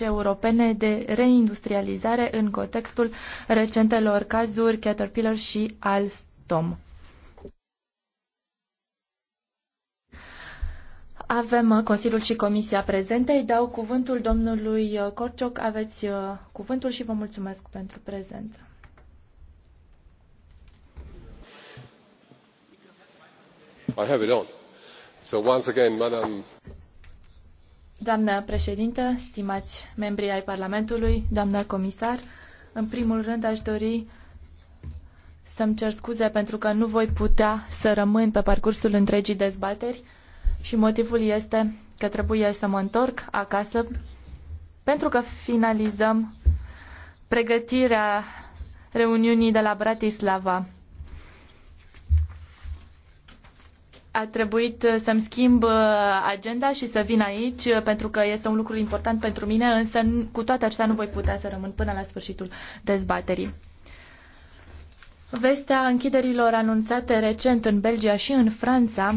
europene de reindustrializare în contextul recentelor cazuri Caterpillar și Alstom. Avem uh, Consiliul și Comisia prezente. Îi dau cuvântul domnului uh, Corcioc. Aveți uh, cuvântul și vă mulțumesc pentru prezență. I have it on. So once again, Madam Doamnă președintă, stimați membri ai Parlamentului, doamnă comisar, în primul rând aș dori să-mi cer scuze pentru că nu voi putea să rămân pe parcursul întregii dezbateri și motivul este că trebuie să mă întorc acasă pentru că finalizăm pregătirea reuniunii de la Bratislava a trebuit uh, să-mi schimb uh, agenda și să vin aici uh, pentru că este un lucru important pentru mine, însă cu toate acestea nu voi putea să rămân până la sfârșitul dezbaterii. Vestea închiderilor anunțate recent în Belgia și în Franța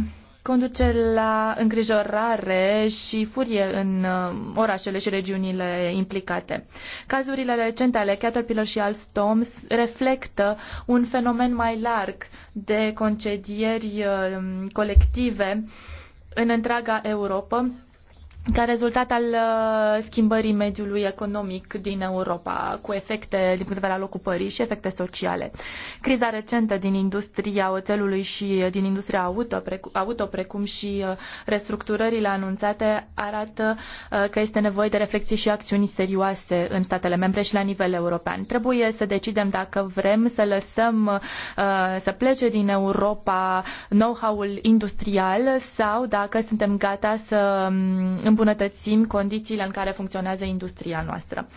conduce la îngrijorare și furie în uh, orașele și regiunile implicate. Cazurile recente ale Caterpillar și Alstom reflectă un fenomen mai larg de concedieri uh, colective în întreaga Europa, ca rezultat al uh, schimbării mediului economic din Europa, cu efecte din punct de vedere al ocupării și efecte sociale. Criza recentă din industria oțelului și uh, din industria auto, precum, auto, precum și uh, restructurările anunțate, arată că este nevoie de reflexii și acțiuni serioase în statele membre și la nivel european. Trebuie să decidem dacă vrem să lăsăm să plece din Europa know-how-ul industrial sau dacă suntem gata să mm, îmbunătățim condițiile în care funcționează industria noastră.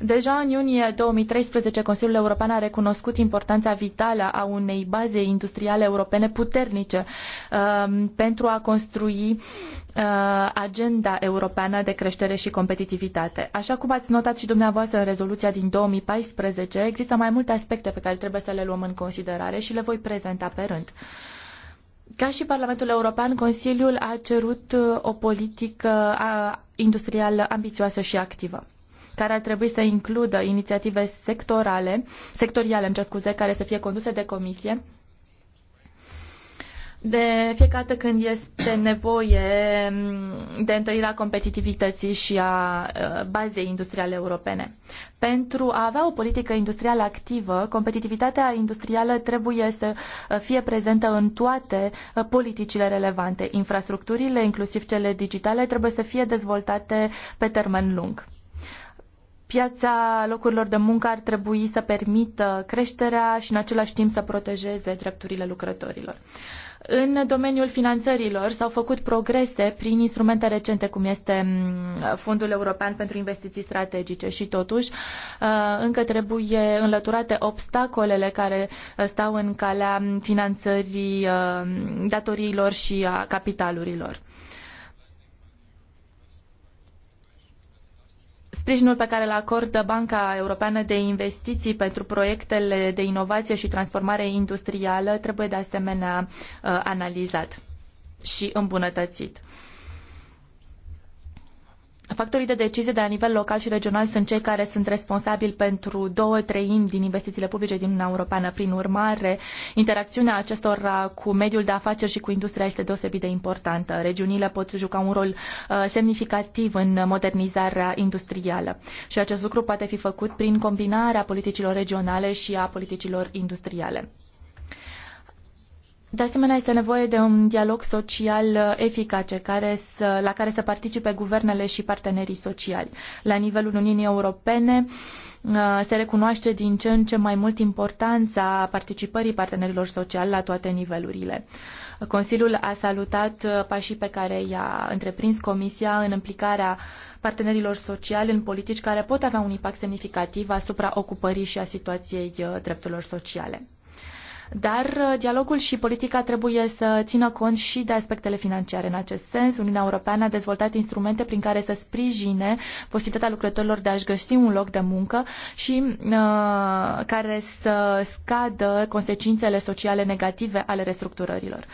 Deja în iunie 2013, Consiliul European a recunoscut importanța vitală a unei baze industriale europene puternice um, pentru a construi uh, agenda europeană de creștere și competitivitate. Așa cum ați notat și dumneavoastră în rezoluția din 2014, există mai multe aspecte pe care trebuie să le luăm în considerare și le voi prezenta pe rând. Ca și Parlamentul European, Consiliul a cerut uh, o politică uh, industrială ambițioasă și activă care ar trebui să includă inițiative sectorale, sectoriale, îmi cer scuze, care să fie conduse de comisie de fiecare dată când este nevoie mm, de întărirea competitivității și a ă, bazei industriale europene. Pentru a avea o politică industrială activă, competitivitatea industrială trebuie să ă, fie prezentă în toate ă, politicile relevante. Infrastructurile, inclusiv cele digitale, trebuie să fie dezvoltate pe termen lung. Piața locurilor de muncă ar trebui să permită creșterea și în același timp să protejeze drepturile lucrătorilor. În domeniul finanțărilor s-au făcut progrese prin instrumente recente, cum este mm, Fondul European pentru Investiții Strategice și totuși uh, încă trebuie înlăturate obstacolele care uh, stau în calea finanțării uh, datoriilor și a capitalurilor. Sprijinul pe care îl acordă Banca Europeană de Investiții pentru proiectele de inovație și transformare industrială trebuie de asemenea uh, analizat și îmbunătățit. Factorii de decizie de la nivel local și regional sunt cei care sunt responsabili pentru două treimi din investițiile publice din Uniunea Europeană. Prin urmare, interacțiunea acestora cu mediul de afaceri și cu industria este deosebit de importantă. Regiunile pot juca un rol uh, semnificativ în modernizarea industrială și acest lucru poate fi făcut prin combinarea politicilor regionale și a politicilor industriale. De asemenea, este nevoie de un dialog social uh, eficace care să, la care să participe guvernele și partenerii sociali. La nivelul Uniunii Europene uh, se recunoaște din ce în ce mai mult importanța participării partenerilor sociali la toate nivelurile. Consiliul a salutat uh, pașii pe care i-a întreprins Comisia în implicarea partenerilor sociali în politici care pot avea un impact semnificativ asupra ocupării și a situației drepturilor sociale. Dar uh, dialogul și politica trebuie să țină cont și de aspectele financiare. În acest sens, Uniunea Europeană a dezvoltat instrumente prin care să sprijine posibilitatea lucrătorilor de a-și găsi un loc de muncă și uh, care să scadă consecințele sociale negative ale restructurărilor.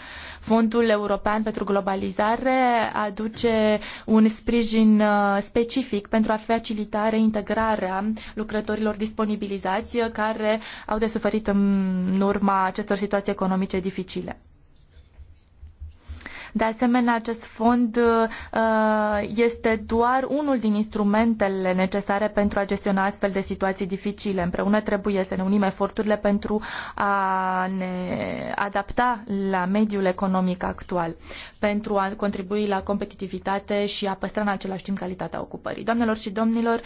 Fondul European pentru Globalizare aduce un sprijin uh, specific pentru a facilita reintegrarea lucrătorilor disponibilizați uh, care au de suferit în urma acestor situații economice dificile. De asemenea, acest fond uh, uh, este doar unul din instrumentele necesare pentru a gestiona astfel de situații dificile. Împreună trebuie să ne unim eforturile pentru a ne adapta la mediul economic actual, pentru a contribui la competitivitate și a păstra în același timp calitatea ocupării. Doamnelor și domnilor,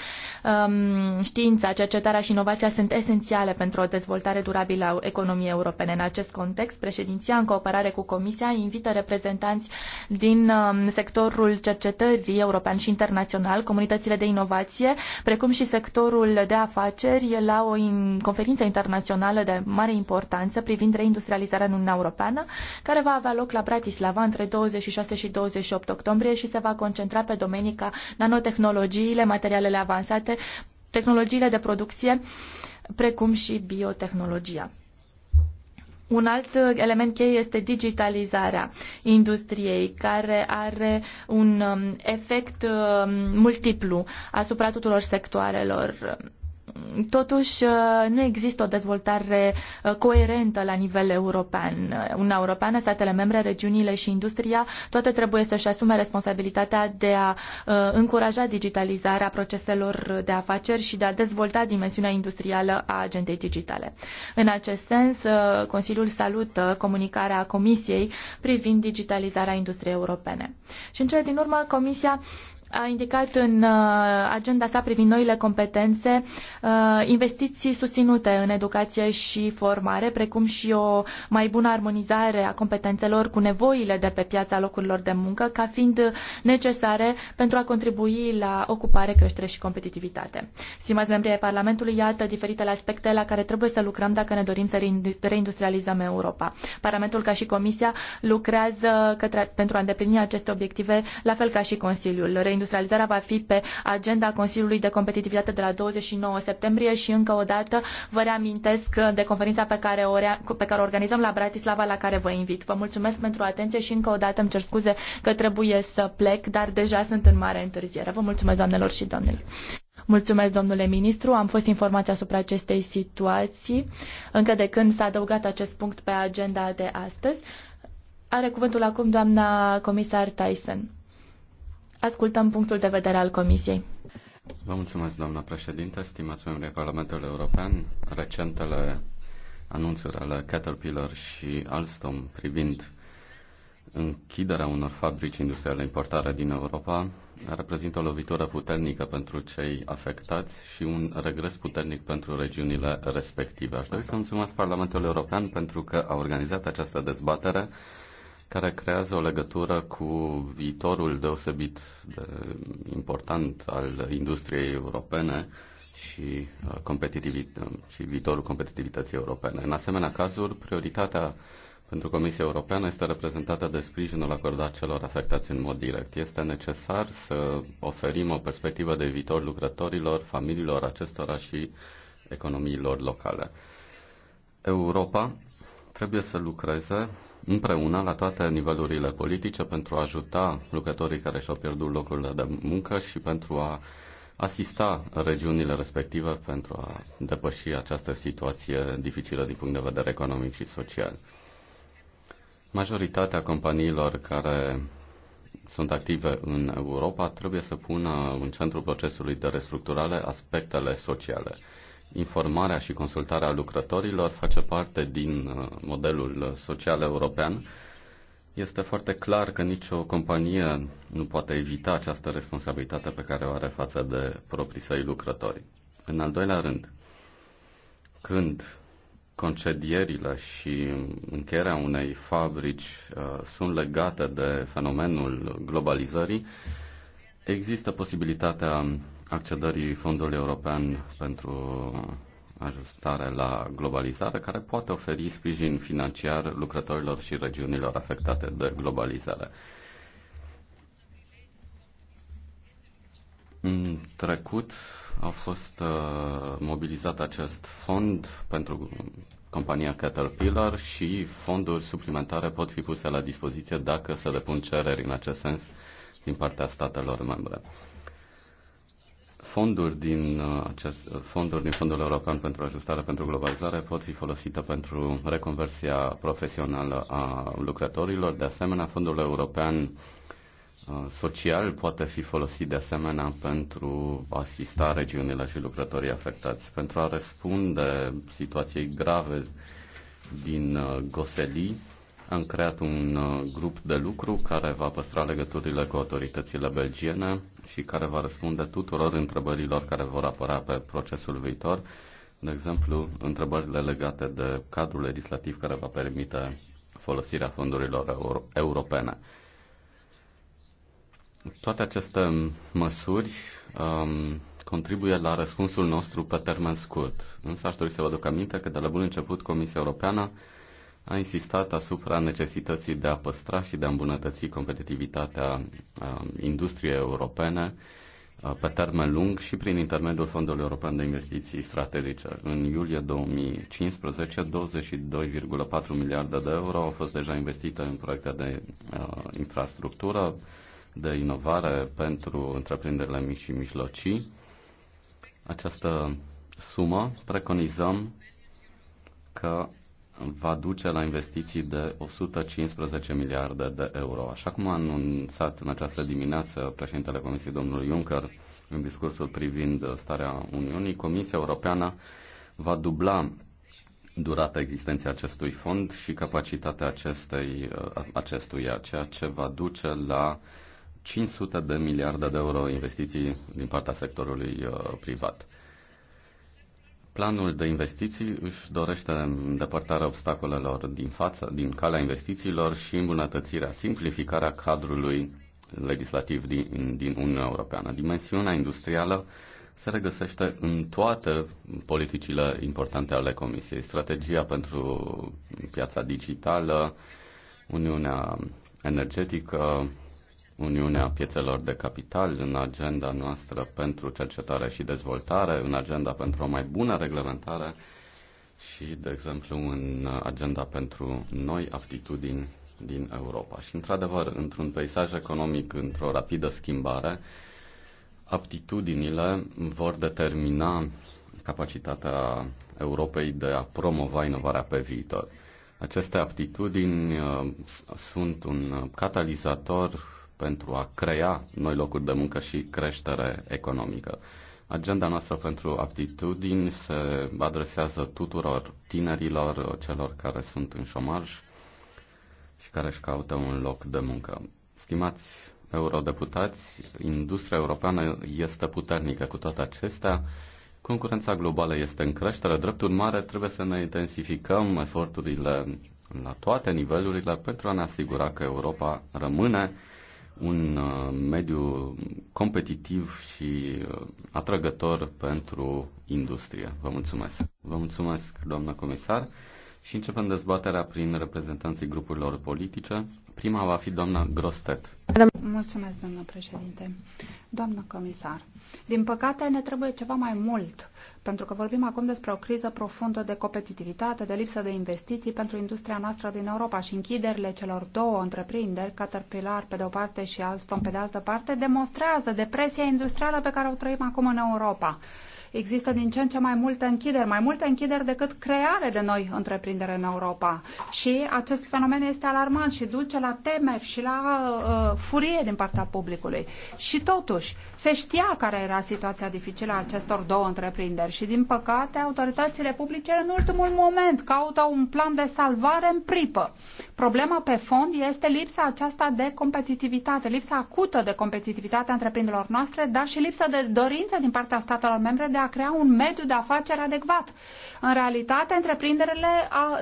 um, știința, cercetarea și inovația sunt esențiale pentru o dezvoltare durabilă a economiei europene. În acest context, președinția, în cooperare cu Comisia, invită reprezentanții reprezentanți din um, sectorul cercetării european și internațional, comunitățile de inovație, precum și sectorul de afaceri la o conferință internațională de mare importanță privind reindustrializarea în Uniunea Europeană, care va avea loc la Bratislava între 26 și 28 octombrie și se va concentra pe domenii ca nanotehnologiile, materialele avansate, tehnologiile de producție, precum și biotehnologia. Un alt uh, element cheie este digitalizarea industriei, care are un um, efect um, multiplu asupra tuturor sectoarelor Totuși, uh, nu există o dezvoltare uh, coerentă la nivel european. Uh, Uniunea Europeană, statele membre, regiunile și industria, toate trebuie să-și asume responsabilitatea de a încuraja digitalizarea proceselor de afaceri și de a dezvolta dimensiunea industrială a agendei digitale. În acest sens, Consiliul salută comunicarea Comisiei privind digitalizarea industriei europene. Și în cele din urmă, Comisia a indicat în uh, agenda sa privind noile competențe uh, investiții susținute în educație și formare, precum și o mai bună armonizare a competențelor cu nevoile de pe piața locurilor de muncă, ca fiind necesare pentru a contribui la ocupare, creștere și competitivitate. Stimați membrii ai Parlamentului, iată diferitele aspecte la care trebuie să lucrăm dacă ne dorim să reindustrializăm Europa. Parlamentul, ca și Comisia, lucrează către, pentru a îndeplini aceste obiective, la fel ca și Consiliul reindustrializarea va fi pe agenda Consiliului de Competitivitate de la 29 septembrie și încă o dată vă reamintesc de conferința pe care o, rea, pe care o organizăm la Bratislava la care vă invit. Vă mulțumesc pentru atenție și încă o dată îmi cer scuze că trebuie să plec, dar deja sunt în mare întârziere. Vă mulțumesc doamnelor și domnilor. Mulțumesc, domnule ministru. Am fost informați asupra acestei situații încă de când s-a adăugat acest punct pe agenda de astăzi. Are cuvântul acum doamna comisar Tyson. Ascultăm punctul de vedere al Comisiei. Vă mulțumesc, doamna președinte, stimați membri ai Parlamentului European. Recentele anunțuri ale Caterpillar și Alstom privind închiderea unor fabrici industriale importare din Europa reprezintă o lovitură puternică pentru cei afectați și un regres puternic pentru regiunile respective. Aș dori să mulțumesc Parlamentul European pentru că a organizat această dezbatere care creează o legătură cu viitorul deosebit de important al industriei europene și, uh, competitivit- și viitorul competitivității europene. În asemenea cazuri, prioritatea pentru Comisia Europeană este reprezentată de sprijinul acordat celor afectați în mod direct. Este necesar să oferim o perspectivă de viitor lucrătorilor, familiilor acestora și economiilor locale. Europa trebuie să lucreze împreună la toate nivelurile politice pentru a ajuta lucrătorii care și-au pierdut locurile de muncă și pentru a asista regiunile respective pentru a depăși această situație dificilă din punct de vedere economic și social. Majoritatea companiilor care sunt active în Europa trebuie să pună în centrul procesului de restructurare aspectele sociale informarea și consultarea lucrătorilor face parte din uh, modelul social european. Este foarte clar că nicio companie nu poate evita această responsabilitate pe care o are față de proprii săi lucrători. În al doilea rând, când concedierile și încheierea unei fabrici uh, sunt legate de fenomenul globalizării, există posibilitatea accedării Fondului European pentru ajustare la globalizare, care poate oferi sprijin financiar lucrătorilor și regiunilor afectate de globalizare. În trecut a fost uh, mobilizat acest fond pentru compania Caterpillar și fonduri suplimentare pot fi puse la dispoziție dacă se depun cereri în acest sens din partea statelor membre fonduri din, uh, acest, uh, fonduri din Fondul European pentru Ajustare pentru Globalizare pot fi folosite pentru reconversia profesională a lucrătorilor. De asemenea, Fondul European uh, Social poate fi folosit de asemenea pentru a asista regiunile și lucrătorii afectați, pentru a răspunde situației grave din Goseli, am creat un grup de lucru care va păstra legăturile cu autoritățile belgiene și care va răspunde tuturor întrebărilor care vor apărea pe procesul viitor, de exemplu, întrebările legate de cadrul legislativ care va permite folosirea fondurilor euro- europene. Toate aceste măsuri um, contribuie la răspunsul nostru pe termen scurt. Însă aș dori să vă aduc aminte că de la bun început Comisia Europeană a insistat asupra necesității de a păstra și de a îmbunătăți competitivitatea um, industriei europene uh, pe termen lung și prin intermediul Fondului European de Investiții Strategice. În iulie 2015, 22,4 miliarde de euro au fost deja investite în proiecte de uh, infrastructură, de inovare pentru întreprinderile mici și mijlocii. Această sumă preconizăm că va duce la investiții de 115 miliarde de euro. Așa cum a anunțat în această dimineață președintele Comisiei, domnul Juncker, în discursul privind starea Uniunii, Comisia Europeană va dubla durata existenței acestui fond și capacitatea acestei, acestuia, ceea ce va duce la 500 de miliarde de euro investiții din partea sectorului uh, privat. Planul de investiții își dorește îndepărtarea obstacolelor din față, din calea investițiilor și îmbunătățirea, simplificarea cadrului legislativ din, din Uniunea Europeană. Dimensiunea industrială se regăsește în toate politicile importante ale Comisiei. Strategia pentru piața digitală, Uniunea energetică, Uniunea Piețelor de Capital în agenda noastră pentru cercetare și dezvoltare, în agenda pentru o mai bună reglementare și, de exemplu, în agenda pentru noi aptitudini din Europa. Și, într-adevăr, într-un peisaj economic, într-o rapidă schimbare, aptitudinile vor determina capacitatea Europei de a promova inovarea pe viitor. Aceste aptitudini uh, sunt un catalizator pentru a crea noi locuri de muncă și creștere economică. Agenda noastră pentru aptitudini se adresează tuturor tinerilor, celor care sunt în șomaj și care își caută un loc de muncă. Stimați eurodeputați, industria europeană este puternică cu toate acestea. Concurența globală este în creștere. Drept urmare, trebuie să ne intensificăm eforturile la toate nivelurile pentru a ne asigura că Europa rămâne un uh, mediu competitiv și uh, atrăgător pentru industrie. Vă mulțumesc. Vă mulțumesc, doamnă comisar, și începem dezbaterea prin reprezentanții grupurilor politice. Prima va fi doamna Grostet. Mulțumesc, doamnă președinte. Doamnă comisar, din păcate ne trebuie ceva mai mult, pentru că vorbim acum despre o criză profundă de competitivitate, de lipsă de investiții pentru industria noastră din Europa și închiderile celor două întreprinderi, Caterpillar pe de-o parte și Alstom pe de altă parte, demonstrează depresia industrială pe care o trăim acum în Europa există din ce în ce mai multe închideri, mai multe închideri decât creare de noi întreprindere în Europa. Și acest fenomen este alarmant și duce la temeri și la uh, furie din partea publicului. Și totuși, se știa care era situația dificilă a acestor două întreprinderi și, din păcate, autoritățile publice în ultimul moment caută un plan de salvare în pripă. Problema pe fond este lipsa aceasta de competitivitate, lipsa acută de competitivitate a întreprinderilor noastre, dar și lipsa de dorință din partea statelor membre de de a crea un mediu de afaceri adecvat. În realitate, întreprinderile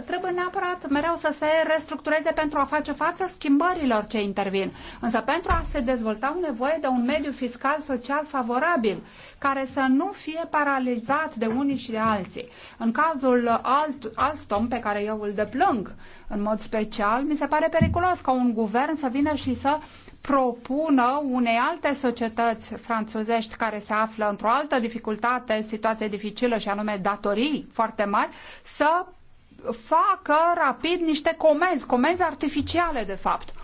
trebuie neapărat mereu să se restructureze pentru a face față schimbărilor ce intervin. Însă pentru a se dezvolta au nevoie de un mediu fiscal social favorabil, care să nu fie paralizat de unii și de alții. În cazul alt, Alstom, pe care eu îl deplâng în mod special, mi se pare periculos ca un guvern să vină și să uh, propună unei alte societăți franțuzești care se află într-o altă dificultate, situație dificilă și anume datorii foarte mari, să facă rapid niște comenzi, comenzi artificiale de fapt.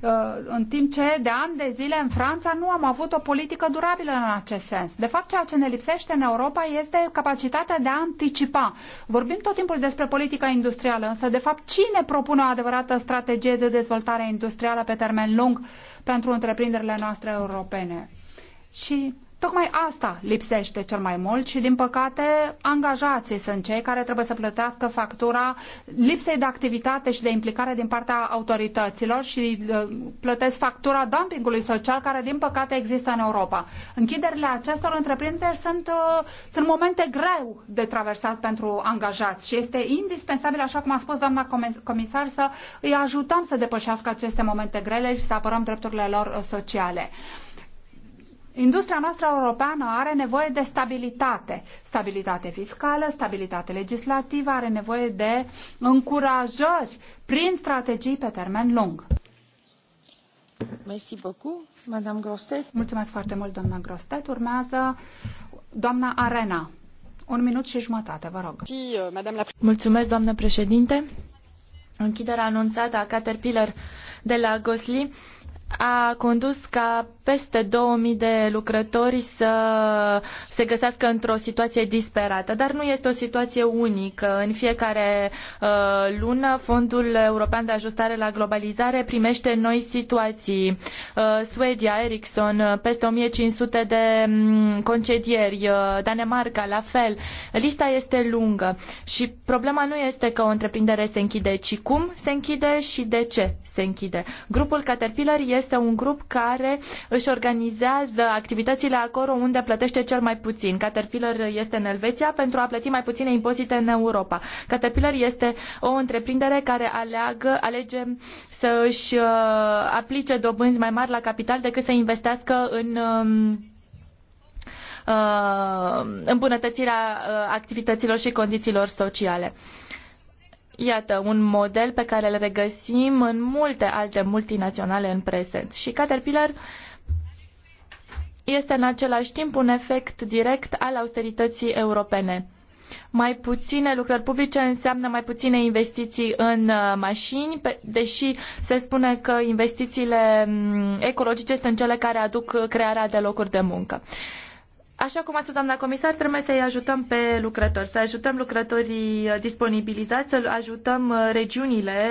Uh, în timp ce de ani de zile în Franța nu am avut o politică durabilă în acest sens. De fapt, ceea ce ne lipsește în Europa este capacitatea de a anticipa. Vorbim tot timpul despre politica industrială, însă, de fapt, cine propune o adevărată strategie de dezvoltare industrială pe termen lung pentru întreprinderile noastre europene. Și Tocmai asta lipsește cel mai mult și, din păcate, angajații sunt cei care trebuie să plătească factura lipsei de activitate și de implicare din partea autorităților și uh, plătesc factura dumpingului social care, din păcate, există în Europa. Închiderile acestor întreprinderi sunt, uh, sunt momente greu de traversat pentru angajați și este indispensabil, așa cum a spus doamna comisar, să îi ajutăm să depășească aceste momente grele și să apărăm drepturile lor uh, sociale. Industria noastră europeană are nevoie de stabilitate, stabilitate fiscală, stabilitate legislativă, are nevoie de încurajări prin strategii pe termen lung. Merci beaucoup, Madame Grostet. Mulțumesc foarte mult, doamna Grostet. Urmează doamna Arena. Un minut și jumătate, vă rog. Uh, Mulțumesc, doamnă președinte. Închiderea anunțată a Caterpillar de la Gosli a condus ca peste 2000 de lucrători să se găsească într-o situație disperată. Dar nu este o situație unică. În fiecare uh, lună, Fondul European de Ajustare la Globalizare primește noi situații. Uh, Suedia, Ericsson, uh, peste 1500 de um, concedieri, uh, Danemarca, la fel. Lista este lungă și problema nu este că o întreprindere se închide, ci cum se închide și de ce se închide. Grupul Caterpillar este este un grup care își organizează activitățile acolo unde plătește cel mai puțin. Caterpillar este în Elveția pentru a plăti mai puține impozite în Europa. Caterpillar este o întreprindere care aleagă, alege să își uh, aplice dobânzi mai mari la capital decât să investească în um, uh, îmbunătățirea uh, activităților și condițiilor sociale. Iată, un model pe care îl regăsim în multe alte multinaționale în prezent. Și Caterpillar este în același timp un efect direct al austerității europene. Mai puține lucrări publice înseamnă mai puține investiții în uh, mașini, deși se spune că investițiile mm, ecologice sunt cele care aduc crearea de locuri de muncă. Așa cum a spus doamna comisar, trebuie să-i ajutăm pe lucrători, să ajutăm lucrătorii uh, disponibilizați, să ajutăm uh, regiunile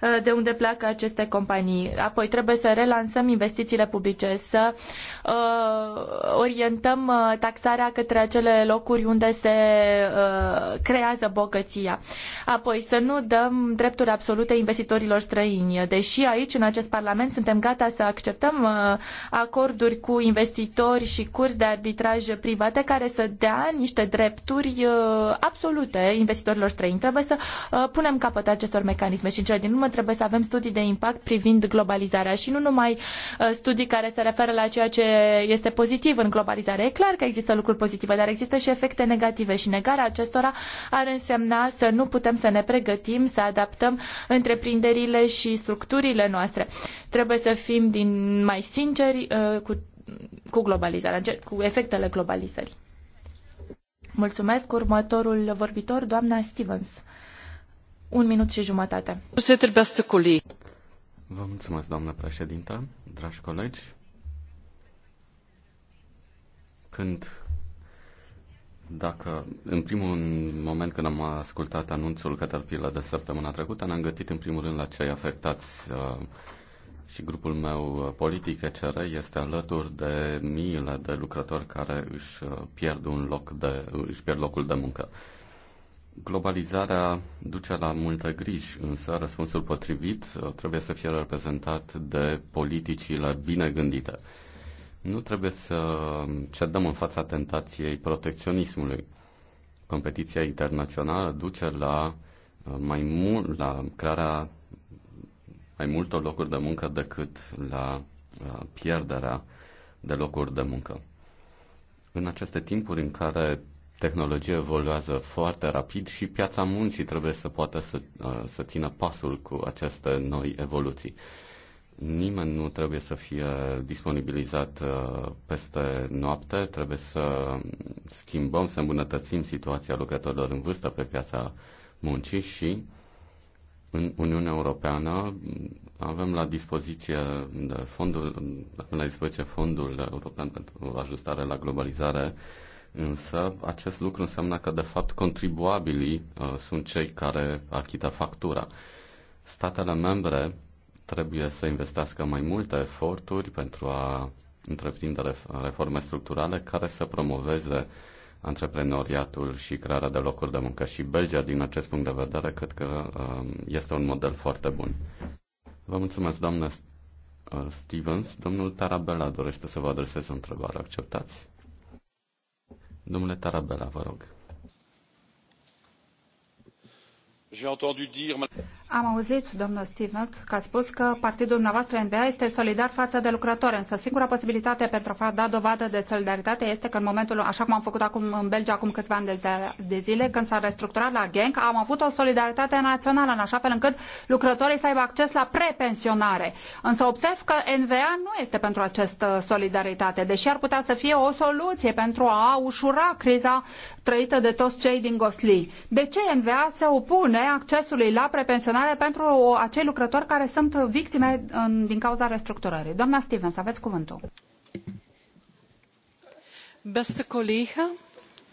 uh, de unde pleacă aceste companii. Apoi trebuie să relansăm investițiile publice, să Uh, orientăm uh, taxarea către acele locuri unde se uh, creează bogăția. Apoi să nu dăm drepturi absolute investitorilor străini, deși aici, în acest Parlament, suntem gata să acceptăm acorduri cu investitori și curs de arbitraj private care să dea niște drepturi absolute investitorilor străini. Trebuie să punem capăt acestor mecanisme și în cele din urmă trebuie să avem studii de impact privind globalizarea și nu numai studii care se referă la ceea ce este pozitiv în globalizare. E clar că există lucruri pozitive, dar există și efecte negative și negarea acestora ar însemna să nu putem să ne pregătim, să adaptăm întreprinderile și structurile noastre. Trebuie să fim din mai sinceri uh, cu, cu globalizarea, cu efectele globalizării. Mulțumesc. Următorul vorbitor, doamna Stevens. Un minut și jumătate. Vă mulțumesc, doamnă președintă, dragi colegi când dacă în primul moment când am ascultat anunțul Caterpillar de săptămâna trecută, ne-am gătit în primul rând la cei afectați uh, și grupul meu politic ECR este alături de miile de lucrători care își uh, pierd un loc de, își pierd locul de muncă. Globalizarea duce la multe griji, însă răspunsul potrivit uh, trebuie să fie reprezentat de politicile bine gândite. Nu trebuie să cedăm în fața tentației protecționismului. Competiția internațională duce la uh, mai mult la crearea mai multor locuri de muncă decât la uh, pierderea de locuri de muncă. În aceste timpuri în care tehnologia evoluează foarte rapid și piața muncii trebuie să poată să, uh, să țină pasul cu aceste noi evoluții. Nimeni nu trebuie să fie disponibilizat uh, peste noapte, trebuie să schimbăm, să îmbunătățim situația lucrătorilor în vârstă pe piața muncii și în Uniunea Europeană avem la dispoziție fondul, la dispoziție fondul european pentru ajustare la globalizare, însă acest lucru înseamnă că de fapt contribuabilii uh, sunt cei care achită factura. Statele membre trebuie să investească mai multe eforturi pentru a întreprinde reforme structurale care să promoveze antreprenoriatul și crearea de locuri de muncă. Și Belgia, din acest punct de vedere, cred că um, este un model foarte bun. Vă mulțumesc, doamnă uh, Stevens. Domnul Tarabella dorește să vă adreseze o întrebare. Acceptați? Domnule Tarabella, vă rog. Am auzit, domnul Stevens, că a spus că partidul dumneavoastră NBA este solidar față de lucrători, însă singura posibilitate pentru a da dovadă de solidaritate este că în momentul, așa cum am făcut acum în Belgia acum câțiva ani de zile, când s-a restructurat la Genk, am avut o solidaritate națională în așa fel încât lucrătorii să aibă acces la prepensionare. Însă observ că NVA nu este pentru această solidaritate, deși ar putea să fie o soluție pentru a ușura criza trăită de toți cei din Gosli. De ce NVA se opune accesului la prepensionare naționale pentru acei lucrători care sunt victime în, din cauza restructurării. Doamna Stevens, aveți cuvântul. Beste colega,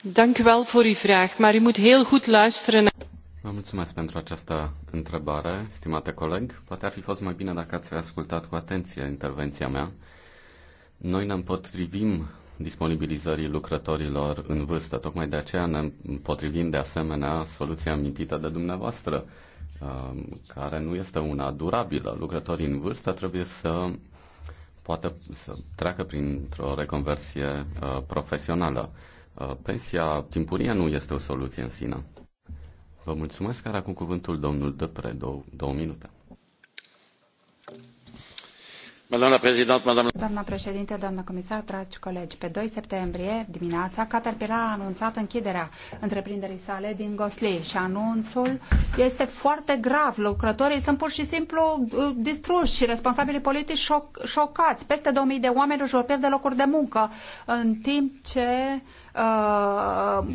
dank u wel voor uw vraag, maar u moet heel goed luisteren. Vă mulțumesc pentru această întrebare, stimate coleg. Poate ar fi fost mai bine dacă ați ascultat cu atenție intervenția mea. Noi ne împotrivim disponibilizării lucrătorilor în vârstă. Tocmai de aceea ne împotrivim de asemenea soluția amintită de dumneavoastră Um, care nu este una durabilă. Lucrătorii în vârstă trebuie să poată să treacă printr-o reconversie uh, profesională. Uh, pensia timpurie nu este o soluție în sine. Vă mulțumesc, care acum cuvântul domnul Depre, două, două minute doamnă președinte, doamnă comisar, dragi colegi, pe 2 septembrie dimineața, Caterpillar a anunțat închiderea întreprinderii sale din Gosli și anunțul este foarte grav. Lucrătorii sunt pur și simplu uh, distruși și responsabilii politici șoc- șocați. Peste 2000 de oameni își vor pierde locuri de muncă, în timp ce Uh,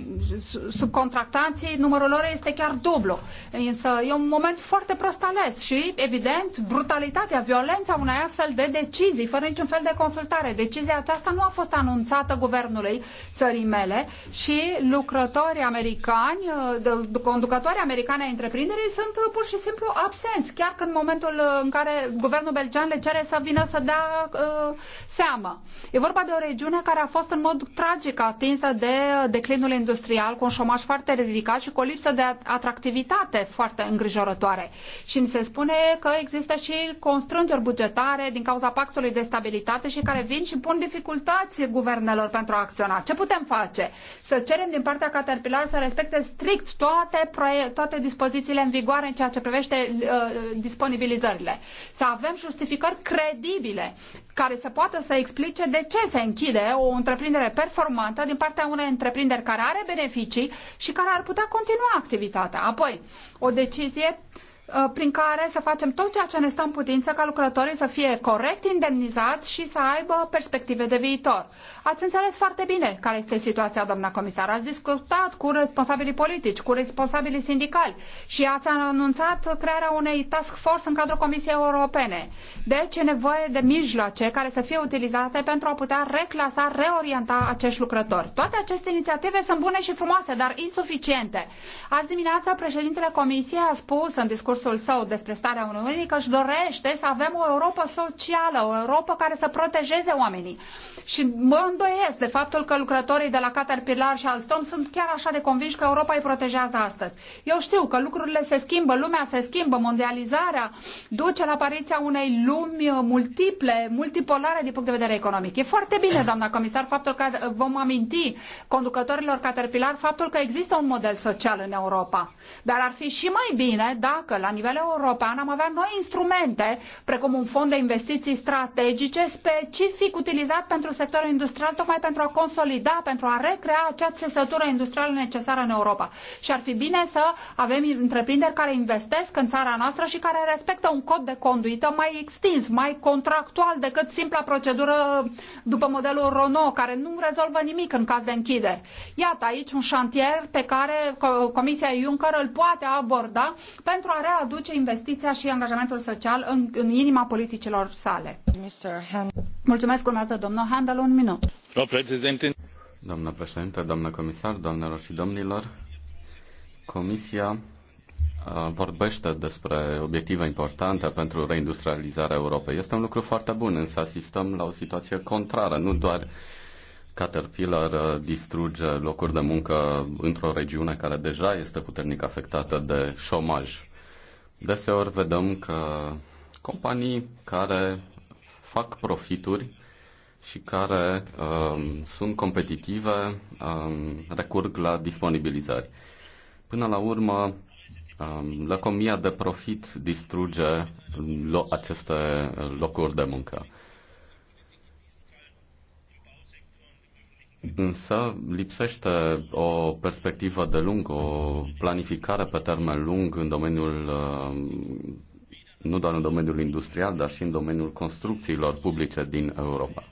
subcontractanții, numărul lor este chiar dublu. Însă e un moment foarte prost ales și, evident, brutalitatea, violența unei astfel de decizii, fără niciun fel de consultare. Decizia aceasta nu a fost anunțată guvernului țării mele și lucrătorii americani, uh, conducătorii americani ai întreprinderii sunt uh, pur și simplu absenți, chiar când în momentul în care guvernul belgian le cere să vină să dea uh, seamă. E vorba de o regiune care a fost în mod tragic atinsă de uh, declinul industrial, cu un șomaj foarte ridicat și cu o lipsă de atractivitate foarte îngrijorătoare. Și ni se spune că există și constrângeri bugetare din cauza pactului de stabilitate și care vin și pun dificultăți guvernelor pentru a acționa. Ce putem face? Să cerem din partea Caterpillar să respecte strict toate, toate dispozițiile în vigoare în ceea ce privește uh, disponibilizările. Să avem justificări credibile care să poată să explice de ce se închide o întreprindere performantă din partea partea unei întreprinderi care are beneficii și care ar putea continua activitatea. Apoi, o decizie Uh, prin care să facem tot ceea ce ne stă în putință ca lucrătorii să fie corect indemnizați și să aibă perspective de viitor. Ați înțeles foarte bine care este situația, doamna comisar. Ați discutat cu responsabilii politici, cu responsabilii sindicali și ați anunțat crearea unei task force în cadrul Comisiei Europene. Deci e nevoie de mijloace care să fie utilizate pentru a putea reclasa, reorienta acești lucrători. Toate aceste inițiative sunt bune și frumoase, dar insuficiente. Azi dimineața președintele Comisiei a spus în discursul discursul său despre starea Uniunii că își dorește să avem o Europa socială, o Europa care să protejeze oamenii. Și mă îndoiesc de faptul că lucrătorii de la Caterpillar și Alstom sunt chiar așa de convinși că Europa îi protejează astăzi. Eu știu că lucrurile se schimbă, lumea se schimbă, mondializarea duce la apariția unei lumi multiple, multipolare din punct de vedere economic. E foarte bine, doamna comisar, faptul că vom aminti conducătorilor Caterpillar faptul că există un model social în Europa. Dar ar fi și mai bine dacă la la nivel european am avea noi instrumente, precum un fond de investiții strategice specific utilizat pentru sectorul industrial, tocmai pentru a consolida, pentru a recrea acea țesătură industrială necesară în Europa. Și ar fi bine să avem întreprinderi care investesc în țara noastră și care respectă un cod de conduită mai extins, mai contractual decât simpla procedură după modelul Renault, care nu rezolvă nimic în caz de închideri. Iată aici un șantier pe care Comisia Juncker îl poate aborda pentru a readuce investiția și angajamentul social în, în inima politicilor sale. Mulțumesc, urmează domnul Handel, un minut. Doamna președinte, doamna comisar, doamnelor și domnilor, Comisia vorbește despre obiective importante pentru reindustrializarea Europei. Este un lucru foarte bun, însă asistăm la o situație contrară, nu doar Caterpillar distruge locuri de muncă într-o regiune care deja este puternic afectată de șomaj. Deseori vedem că companii care fac profituri și care um, sunt competitive um, recurg la disponibilizări. Până la urmă, um, lăcomia de profit distruge lo- aceste locuri de muncă. Însă lipsește o perspectivă de lung, o planificare pe termen lung în domeniul uh, nu doar în domeniul industrial, dar și în domeniul construcțiilor publice din Europa.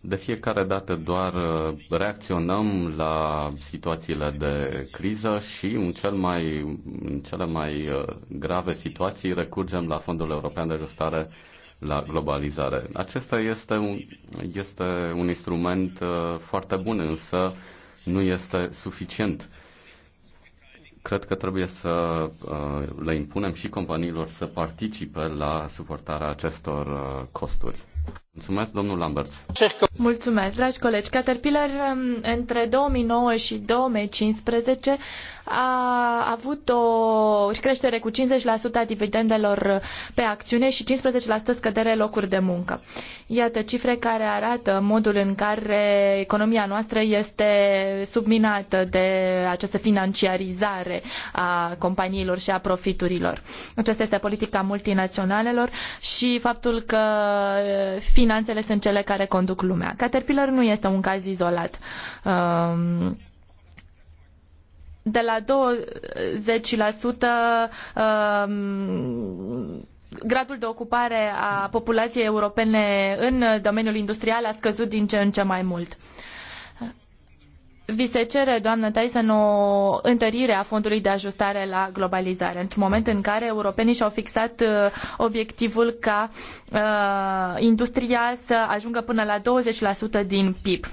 De fiecare dată doar uh, reacționăm la situațiile de criză și în, cel mai, în cele mai uh, grave situații recurgem la Fondul European de Ajustare la globalizare. Acesta este un, este un instrument uh, foarte bun, însă nu este suficient. Cred că trebuie să uh, le impunem și companiilor să participe la suportarea acestor uh, costuri. Mulțumesc, domnul Lamberts. Mulțumesc, dragi colegi. Caterpillar, um, între 2009 și 2015, a avut o creștere cu 50% a dividendelor pe acțiune și 15% scădere locuri de muncă. Iată cifre care arată modul în care economia noastră este subminată de această financiarizare a companiilor și a profiturilor. Aceasta este politica multinaționalelor și faptul că finanțele sunt cele care conduc lumea. Caterpillar nu este un caz izolat. Um, de la 20% um, gradul de ocupare a populației europene în domeniul industrial a scăzut din ce în ce mai mult. Vi se cere, doamnă Tyson, o întărire a fondului de ajustare la globalizare, într-un moment în care europenii și-au fixat uh, obiectivul ca uh, industria să ajungă până la 20% din PIB.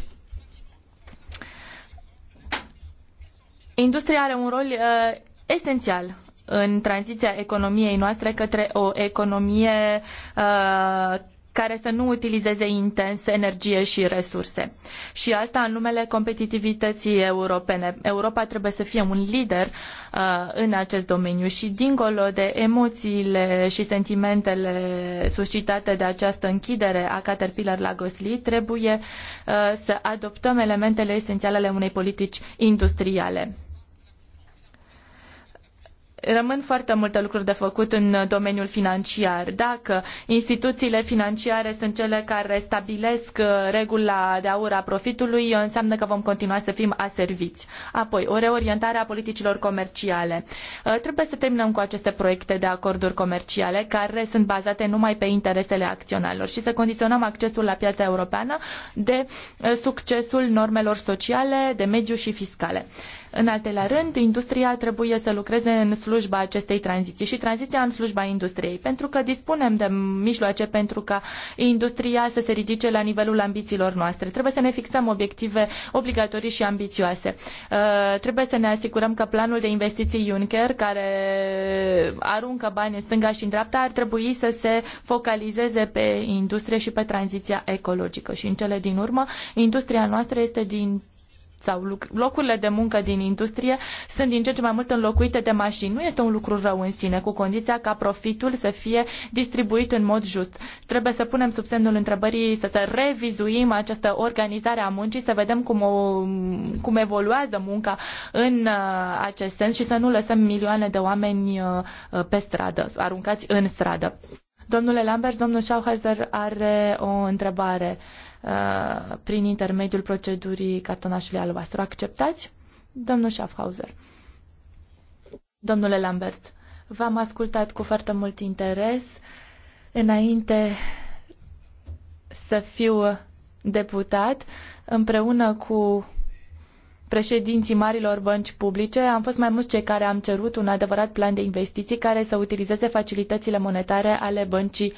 Industria are un rol uh, esențial în tranziția economiei noastre către o economie uh, care să nu utilizeze intens energie și resurse. Și asta în numele competitivității europene. Europa trebuie să fie un lider uh, în acest domeniu și dincolo de emoțiile și sentimentele suscitate de această închidere a Caterpillar la Gosli, trebuie uh, să adoptăm elementele esențiale ale unei politici industriale. Rămân foarte multe lucruri de făcut în uh, domeniul financiar. Dacă instituțiile financiare sunt cele care stabilesc uh, regula de aur a profitului, uh, înseamnă că vom continua să fim aserviți. Apoi, o reorientare a politicilor comerciale. Trebuie să terminăm cu aceste proiecte de acorduri comerciale care sunt bazate numai pe interesele acționarilor și să condiționăm accesul la piața europeană de succesul normelor sociale, de mediu și fiscale. În al treilea rând, industria trebuie să lucreze în slujba acestei tranziții și tranziția în slujba industriei, pentru că dispunem de mijloace pentru ca industria să se ridice la nivelul ambițiilor noastre. Trebuie să ne fixăm obiective obligatorii și ambițioase. Uh, trebuie să ne asigurăm că planul de investiții Juncker, care aruncă bani în stânga și în dreapta, ar trebui să se focalizeze pe industrie și pe tranziția ecologică. Și în cele din urmă, industria noastră este din sau locurile de muncă din industrie sunt din ce în ce mai mult înlocuite de mașini. Nu este un lucru rău în sine, cu condiția ca profitul să fie distribuit în mod just. Trebuie să punem sub semnul întrebării, să, să revizuim această organizare a muncii, să vedem cum, o, cum evoluează munca în uh, acest sens și să nu lăsăm milioane de oameni uh, uh, pe stradă, aruncați în stradă. Domnule Lambert, domnul Schauhauser are o întrebare. Uh, Uh, prin intermediul procedurii cartonașului albastru. Acceptați? Domnul Schaffhauser. Domnule Lambert, v-am ascultat cu foarte mult interes înainte să fiu deputat împreună cu președinții marilor bănci publice, am fost mai mulți cei care am cerut un adevărat plan de investiții care să utilizeze facilitățile monetare ale băncii uh,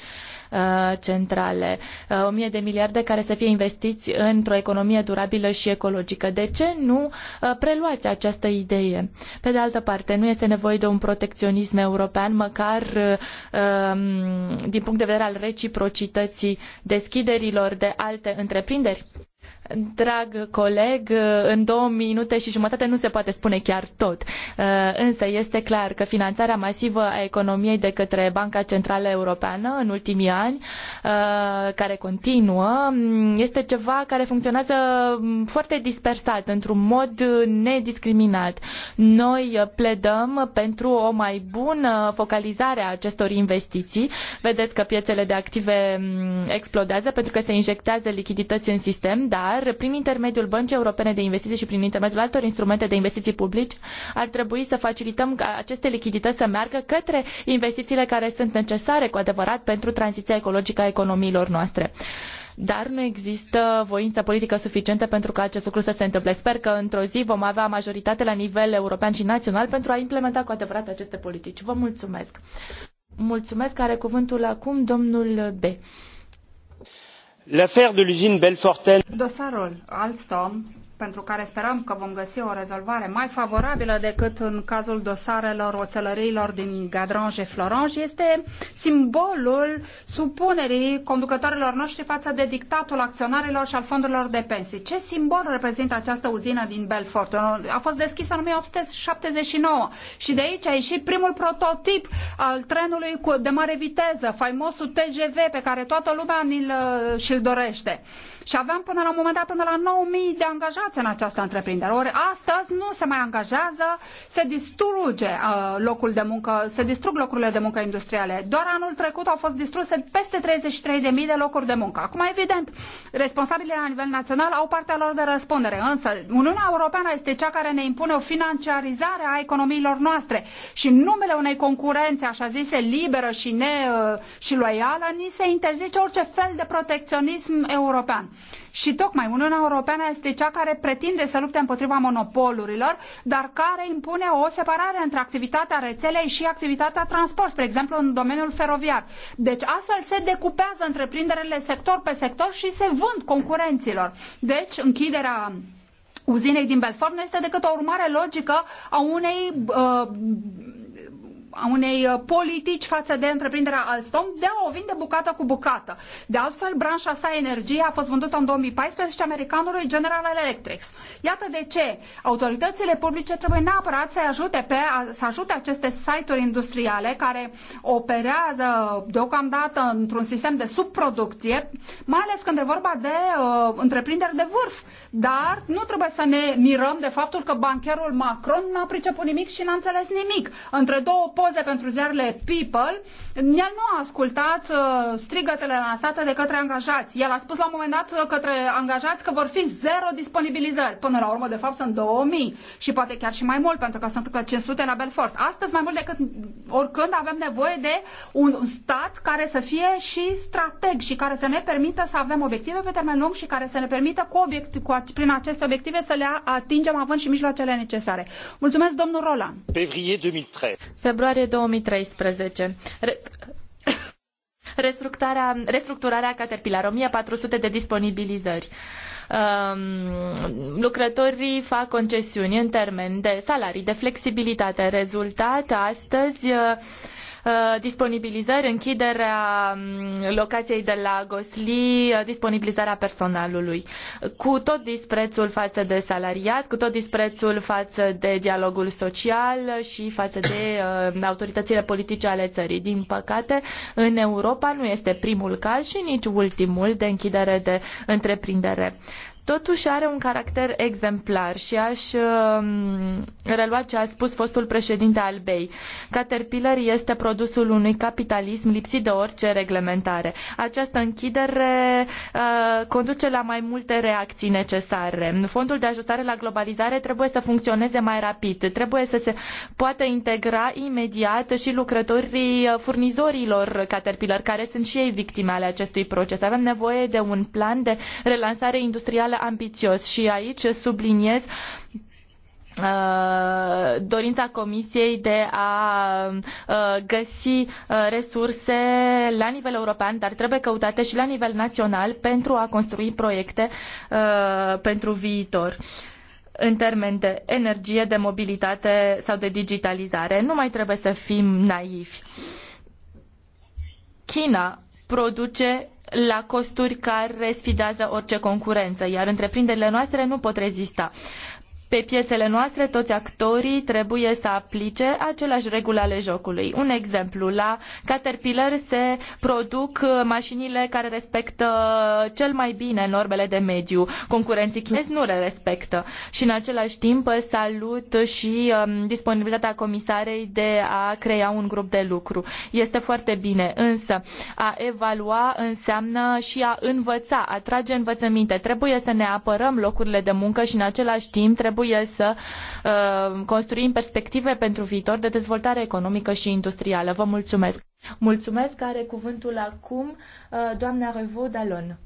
Uh, centrale. Uh, o mie de miliarde care să fie investiți într-o economie durabilă și ecologică. De ce nu uh, preluați această idee? Pe de altă parte, nu este nevoie de un protecționism european, măcar um, din punct de vedere al reciprocității deschiderilor de alte întreprinderi? Drag coleg, în două minute și jumătate nu se poate spune chiar tot. Uh, însă este clar că finanțarea masivă a economiei de către Banca Centrală Europeană în ultimii ani, uh, care continuă, mm, este ceva care funcționează mm, foarte dispersat, într-un mod nediscriminat. Noi pledăm pentru o mai bună focalizare a acestor investiții. Vedeți că piețele de active mm, explodează pentru că se injectează lichidități în sistem, dar dar prin intermediul Băncii Europene de Investiții și prin intermediul altor instrumente de investiții publici ar trebui să facilităm ca aceste lichidități să meargă către investițiile care sunt necesare cu adevărat pentru tranziția ecologică a economiilor noastre dar nu există voință politică suficientă pentru ca acest lucru să se întâmple. Sper că într-o zi vom avea majoritate la nivel european și național pentru a implementa cu adevărat aceste politici. Vă mulțumesc! Mulțumesc, are cuvântul acum domnul B de Dosarul Alstom pentru care sperăm că vom găsi o rezolvare mai favorabilă decât în cazul dosarelor oțelăriilor din Gadrange Florange, este simbolul supunerii conducătorilor noștri față de dictatul acționarilor și al fondurilor de pensii. Ce simbol reprezintă această uzină din Belfort? A fost deschisă în 1879 și de aici a ieșit primul prototip al trenului de mare viteză, faimosul TGV pe care toată lumea și-l dorește. Și aveam până la un moment dat până la 9.000 de angajați în această întreprindere. Ori astăzi nu se mai angajează, se distruge uh, locul de muncă, se distrug locurile de muncă industriale. Doar anul trecut au fost distruse peste 33.000 de locuri de muncă. Acum, evident, responsabilii la nivel național au partea lor de răspundere, însă Uniunea Europeană este cea care ne impune o financiarizare a economiilor noastre și în numele unei concurențe, așa zise, liberă și, ne, uh, și loială, ni se interzice orice fel de protecționism european. Și tocmai Uniunea Europeană este cea care pretinde să lupte împotriva monopolurilor, dar care impune o separare între activitatea rețelei și activitatea transport, spre exemplu în domeniul feroviar. Deci astfel se decupează întreprinderile sector pe sector și se vând concurenților. Deci închiderea uzinei din Belfort nu este decât o urmare logică a unei uh, a unei uh, politici față de întreprinderea Alstom de a o vinde bucată cu bucată. De altfel, branșa sa energie a fost vândută în 2014 americanului General Electric. Iată de ce autoritățile publice trebuie neapărat să ajute, pe, să ajute aceste site-uri industriale care operează deocamdată într-un sistem de subproducție, mai ales când e vorba de uh, întreprinderi de vârf. Dar nu trebuie să ne mirăm de faptul că bancherul Macron n-a priceput nimic și n-a înțeles nimic. Între două poze pentru ziarele People, el nu a ascultat uh, strigătele lansate de către angajați. El a spus la un moment dat uh, către angajați că vor fi zero disponibilizări. Până la urmă, de fapt, sunt 2000 și poate chiar și mai mult, pentru că sunt încă 500 la Belfort. Astăzi, mai mult decât oricând, avem nevoie de un stat care să fie și strateg și care să ne permită să avem obiective pe termen lung și care să ne permită cu obiectiv, cu, prin aceste obiective să le atingem având și mijloacele necesare. Mulțumesc, domnul Roland. Februarie 2013. Februarie februarie 2013. Re- restructurarea, restructurarea Caterpillar, 1400 de disponibilizări. Um, lucrătorii fac concesiuni în termen de salarii, de flexibilitate. Rezultat, astăzi uh, Uh, disponibilizări, închiderea um, locației de la Gosli, uh, disponibilizarea personalului. Cu tot disprețul față de salariați, cu tot disprețul față de dialogul social și față de uh, autoritățile politice ale țării. Din păcate, în Europa nu este primul caz și nici ultimul de închidere de întreprindere totuși are un caracter exemplar și aș um, relua ce a spus fostul președinte al BEI. Caterpillar este produsul unui capitalism lipsit de orice reglementare. Această închidere uh, conduce la mai multe reacții necesare. Fondul de ajustare la globalizare trebuie să funcționeze mai rapid, trebuie să se poată integra imediat și lucrătorii uh, furnizorilor Caterpillar, care sunt și ei victime ale acestui proces. Avem nevoie de un plan de relansare industrială sociale ambițios și aici subliniez uh, dorința Comisiei de a uh, găsi uh, resurse la nivel european, dar trebuie căutate și la nivel național pentru a construi proiecte pentru viitor în termen de energie, de mobilitate sau de digitalizare. Nu mai trebuie să fim naivi. China produce la costuri care sfidează orice concurenă iar întreprinderile noastre nu pot rezista. Pe piețele noastre, toți actorii trebuie să aplice aceleași reguli ale jocului. Un exemplu, la Caterpillar se produc uh, mașinile care respectă uh, cel mai bine normele de mediu. Concurenții chinezi nu le respectă. Și în același timp uh, salut și um, disponibilitatea comisarei de a crea un grup de lucru. Este foarte bine, însă a evalua înseamnă și a învăța, a trage învățăminte. Trebuie să ne apărăm locurile de muncă și în același timp trebuie trebuie să uh, construim perspective pentru viitor de dezvoltare economică și industrială. Vă mulțumesc! Mulțumesc! Are cuvântul acum uh, doamna Revo Dalon.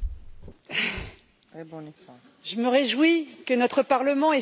E bonifac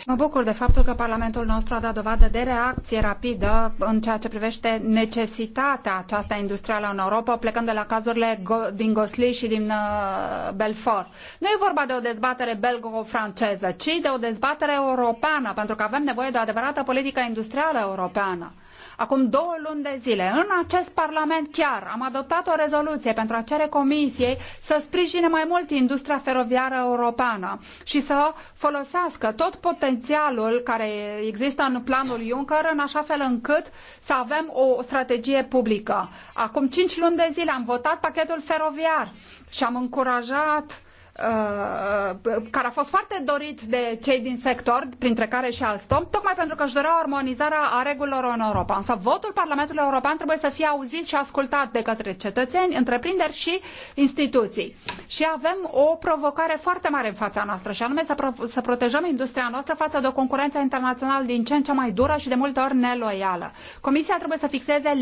mă bucur de faptul că parlamentul nostru a dat dovadă de reacție rapidă în ceea ce privește necesitatea aceasta industrială în europa plecând de la cazurile din gosselies și din uh, belfort. nu e vorba de o dezbatere belgo franceză ci de o dezbatere europeană pentru că avem nevoie de o adevărată politică industrială europeană. Acum două luni de zile, în acest Parlament chiar, am adoptat o rezoluție pentru a cere Comisiei să sprijine mai mult industria feroviară europeană și să folosească tot potențialul care există în planul Juncker în așa fel încât să avem o strategie publică. Acum cinci luni de zile am votat pachetul feroviar și am încurajat Uh, uh, care a fost foarte dorit de cei din sector, printre care și Alstom, tocmai pentru că își dorea armonizarea a regulilor în Europa. Însă votul Parlamentului European trebuie să fie auzit și ascultat de către cetățeni, întreprinderi și instituții. Și avem o provocare foarte mare în fața noastră, și anume să, pro- să protejăm industria noastră față de o concurență internațională din ce în ce mai dură și de multe ori neloială. Comisia trebuie să fixeze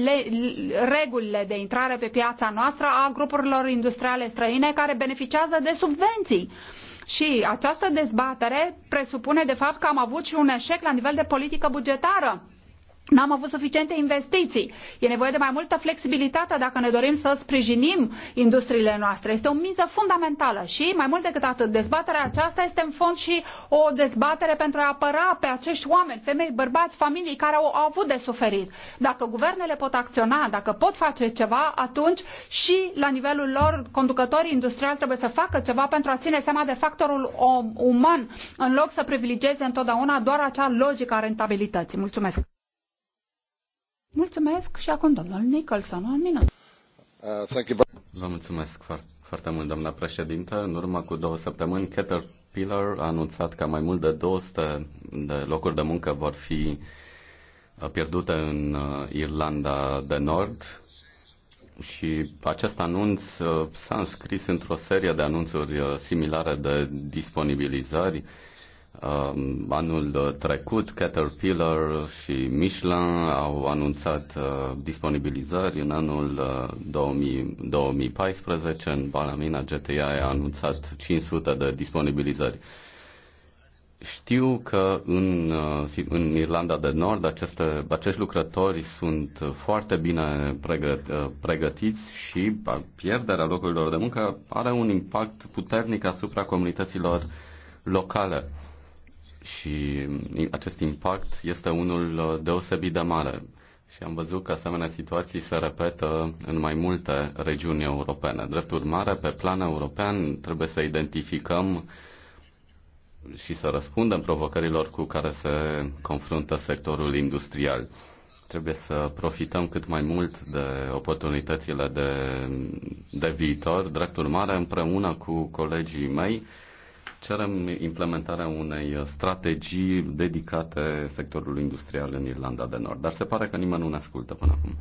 regulile de intrare pe piața noastră a grupurilor industriale străine care beneficiază de subvenții subvenții. Și această dezbatere presupune de fapt că am avut și un eșec la nivel de politică bugetară N-am avut suficiente investiții. E nevoie de mai multă flexibilitate dacă ne dorim să sprijinim industriile noastre. Este o miză fundamentală și, mai mult decât atât, dezbaterea aceasta este în fond și o dezbatere pentru a apăra pe acești oameni, femei, bărbați, familii care au, au avut de suferit. Dacă guvernele pot acționa, dacă pot face ceva, atunci și la nivelul lor conducătorii industriali trebuie să facă ceva pentru a ține seama de factorul om, uman, în loc să privilegieze întotdeauna doar acea logică a rentabilității. Mulțumesc! Mulțumesc și acum domnul Nicholson, un minut. Uh, Vă mulțumesc foarte, foarte mult, doamna președintă. În urmă cu două săptămâni, Caterpillar a anunțat că mai mult de 200 de locuri de muncă vor fi uh, pierdute în uh, Irlanda de Nord și acest anunț s-a înscris într-o serie de anunțuri similare de disponibilizări Um, anul trecut, Caterpillar și Michelin au anunțat uh, disponibilizări. În anul uh, 2000, 2014, în Balamina GTI a anunțat 500 de disponibilizări. Știu că în, uh, în Irlanda de Nord aceste, acești lucrători sunt foarte bine uh, pregătiți și pierderea locurilor de muncă are un impact puternic asupra comunităților locale și acest impact este unul uh, deosebit de mare. Și am văzut că asemenea situații se repetă în mai multe regiuni europene. Drept urmare, pe plan european trebuie să identificăm și să răspundem provocărilor cu care se confruntă sectorul industrial. Trebuie să profităm cât mai mult de oportunitățile de, de viitor. Drept urmare, împreună cu colegii mei, Cerem implementarea unei strategii dedicate sectorului industrial în Irlanda de Nord, dar se pare că nimeni nu ne ascultă până acum.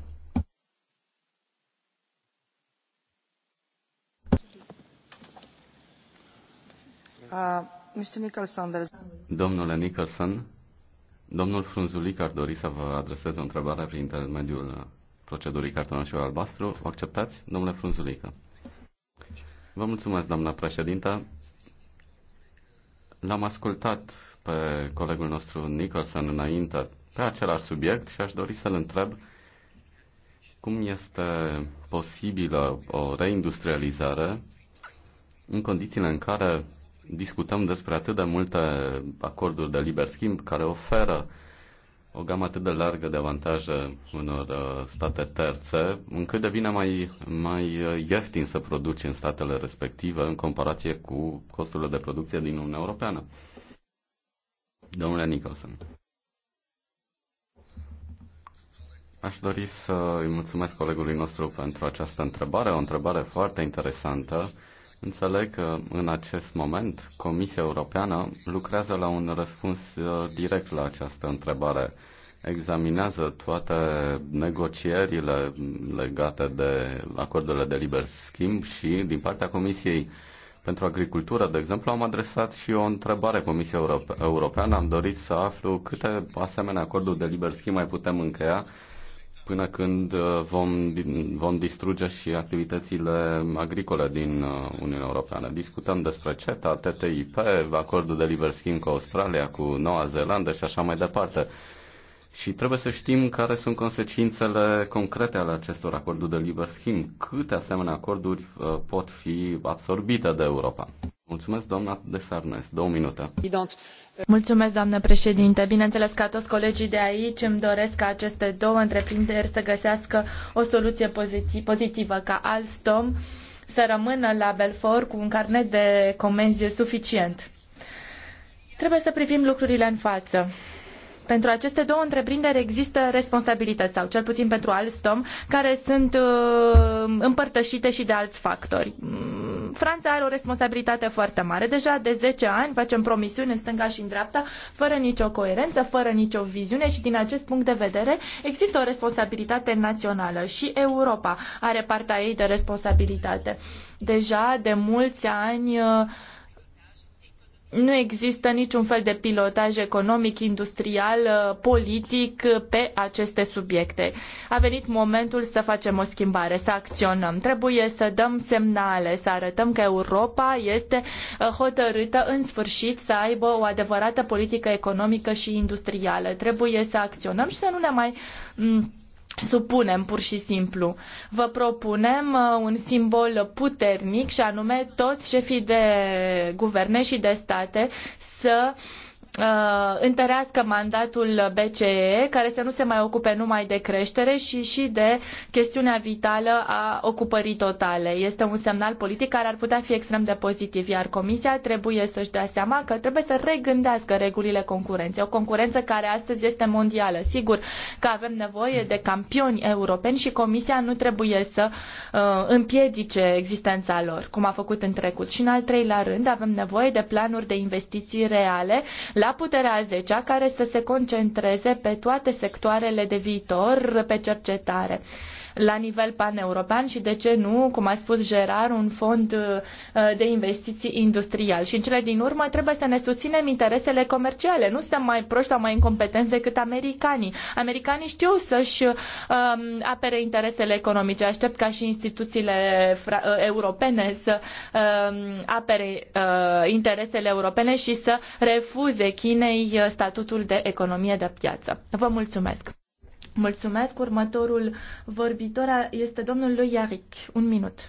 Uh, Mr. Nicholson, Domnule Nicholson, domnul Frunzulic ar dori să vă adreseze o întrebare prin intermediul procedurii cartonașului albastru. O acceptați, domnule Frunzulică? Vă mulțumesc, doamna președintă. L-am ascultat pe colegul nostru Nicholson înainte pe același subiect și aș dori să-l întreb cum este posibilă o reindustrializare în condițiile în care discutăm despre atât de multe acorduri de liber schimb care oferă uh, o gamă atât de largă de avantaje unor uh, state terțe, încât devine mai, mai uh, ieftin să produci în statele respective în comparație cu costurile de producție din Uniunea Europeană. Domnule Nicholson. Aș dori să îi mulțumesc colegului nostru pentru această întrebare, o întrebare foarte interesantă Înțeleg că în acest moment Comisia Europeană lucrează la un răspuns uh, direct la această întrebare. Examinează toate negocierile legate de acordurile de liber schimb și din partea Comisiei pentru agricultură, de exemplu, am adresat și o întrebare Comisiei Europeană. Am dorit să aflu câte asemenea acorduri de liber schimb mai putem încheia până când uh, vom, vom distruge și activitățile agricole din uh, Uniunea Europeană. Discutăm despre CETA, TTIP, acordul de liber schimb cu Australia, cu Noua Zeelandă și așa mai departe. Și trebuie să știm care sunt consecințele concrete ale acestor acorduri de liber schimb. Câte asemenea acorduri uh, pot fi absorbite de Europa? Mulțumesc, doamna de Sarnes. Două minute. Mulțumesc, doamnă președinte. Bineînțeles că toți colegii de aici îmi doresc ca aceste două întreprinderi să găsească o soluție pozitiv, pozitivă, ca Alstom să rămână la Belfort cu un carnet de comenzi suficient. Trebuie să privim lucrurile în față. Pentru aceste două întreprinderi există responsabilități, sau cel puțin pentru Alstom, care sunt uh, împărtășite și de alți factori. Mm, Franța are o responsabilitate foarte mare. Deja de zece ani facem promisiuni în stânga și în dreapta, fără nicio coerență, fără nicio viziune și din acest punct de vedere există o responsabilitate națională și Europa are partea ei de responsabilitate. Deja de mulți ani uh, nu există niciun fel de pilotaj economic, industrial, uh, politic uh, pe aceste subiecte. A venit momentul să facem o schimbare, să acționăm. Trebuie să dăm semnale, să arătăm că Europa este uh, hotărâtă în sfârșit să aibă o adevărată politică economică și industrială. Trebuie să acționăm și să nu ne mai mm, supunem pur și simplu. Vă propunem uh, un simbol puternic și anume toți șefii de guverne și de state să uh, uh, întărească mandatul BCE, care să nu se mai ocupe numai de creștere și și de chestiunea vitală a ocupării totale. Este un semnal politic care ar putea fi extrem de pozitiv, iar Comisia trebuie să-și dea seama că trebuie să regândească regulile concurenței. O concurență care astăzi este mondială. Sigur că avem nevoie de campioni europeni și Comisia nu trebuie să uh, împiedice existența lor, cum a făcut în trecut. Și în al treilea rând avem nevoie de planuri de investiții reale la puterea a 10 care să se concentreze pe toate sectoarele de viitor, pe cercetare la nivel paneuropean și, de ce nu, cum a spus Gerard, un fond uh, de investiții industrial. Și în cele din urmă trebuie să ne susținem interesele comerciale. Nu suntem mai proști sau mai incompetenți decât americanii. Americanii știu să-și um, apere interesele economice. Aștept ca și instituțiile uh, europene să um, apere uh, interesele europene și să refuze Chinei statutul de economie de piață. Vă mulțumesc! Mulțumesc. Următorul vorbitor este domnul lui Iaric. Un minut.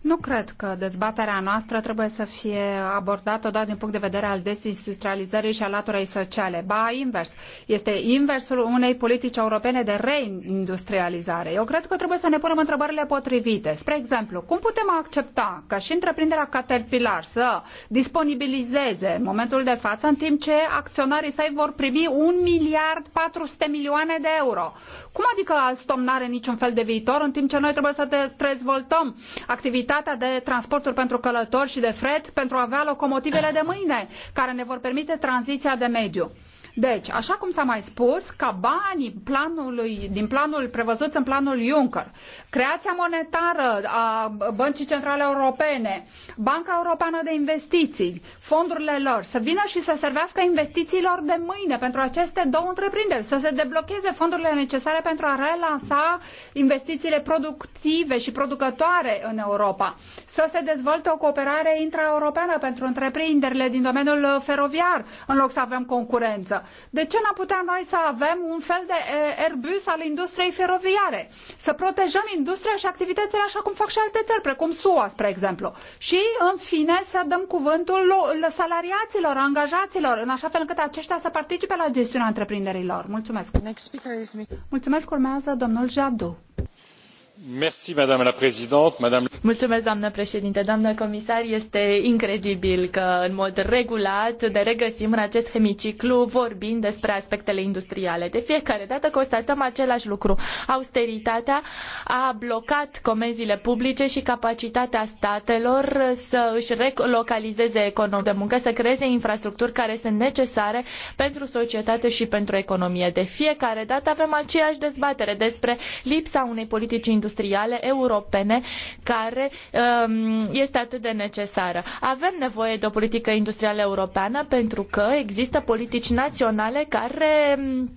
Nu cred că dezbaterea noastră trebuie să fie abordată doar din punct de vedere al desindustrializării și al laturei sociale. Ba, invers. Este inversul unei politici europene de reindustrializare. Eu cred că trebuie să ne punem întrebările potrivite. Spre exemplu, cum putem accepta ca și întreprinderea Caterpillar să disponibilizeze în momentul de față, în timp ce acționarii săi vor primi un miliard alocat 400 milioane de euro. Cum adică Alstom nu are niciun fel de viitor, în timp ce noi trebuie să dezvoltăm activitatea de transporturi pentru călători și de fret pentru a avea locomotivele de mâine, care ne vor permite tranziția de mediu? Deci, așa cum s-a mai spus, ca banii planului, din planul prevăzut în planul Juncker, creația monetară a Băncii Centrale Europene, Banca Europeană de Investiții, fondurile lor, să vină și să servească investițiilor de mâine pentru aceste două întreprinderi, să se deblocheze fondurile necesare pentru a relansa investițiile productive și producătoare în Europa, să se dezvolte o cooperare intraeuropeană pentru întreprinderile din domeniul feroviar, în loc să avem concurență de ce n-am putea noi să avem un fel de Airbus al industriei feroviare? Să protejăm industria și activitățile așa cum fac și alte țări, precum SUA, spre exemplu. Și, în fine, să dăm cuvântul salariaților, angajaților, în așa fel încât aceștia să participe la gestiunea întreprinderilor. Mulțumesc. Mulțumesc, urmează domnul Jadu. Mulțumesc, doamnă președinte, doamnă comisar. Este incredibil că, în mod regulat, ne regăsim în acest hemiciclu vorbind despre aspectele industriale. De fiecare dată constatăm același lucru. Austeritatea a blocat comenzile publice și capacitatea statelor să își relocalizeze economia de muncă, să creeze infrastructuri care sunt necesare pentru societate și pentru economie. De fiecare dată avem aceeași dezbatere despre lipsa unei politici industriale industriale europene care um, este atât de necesară. Avem nevoie de o politică industrială europeană pentru că există politici naționale care um,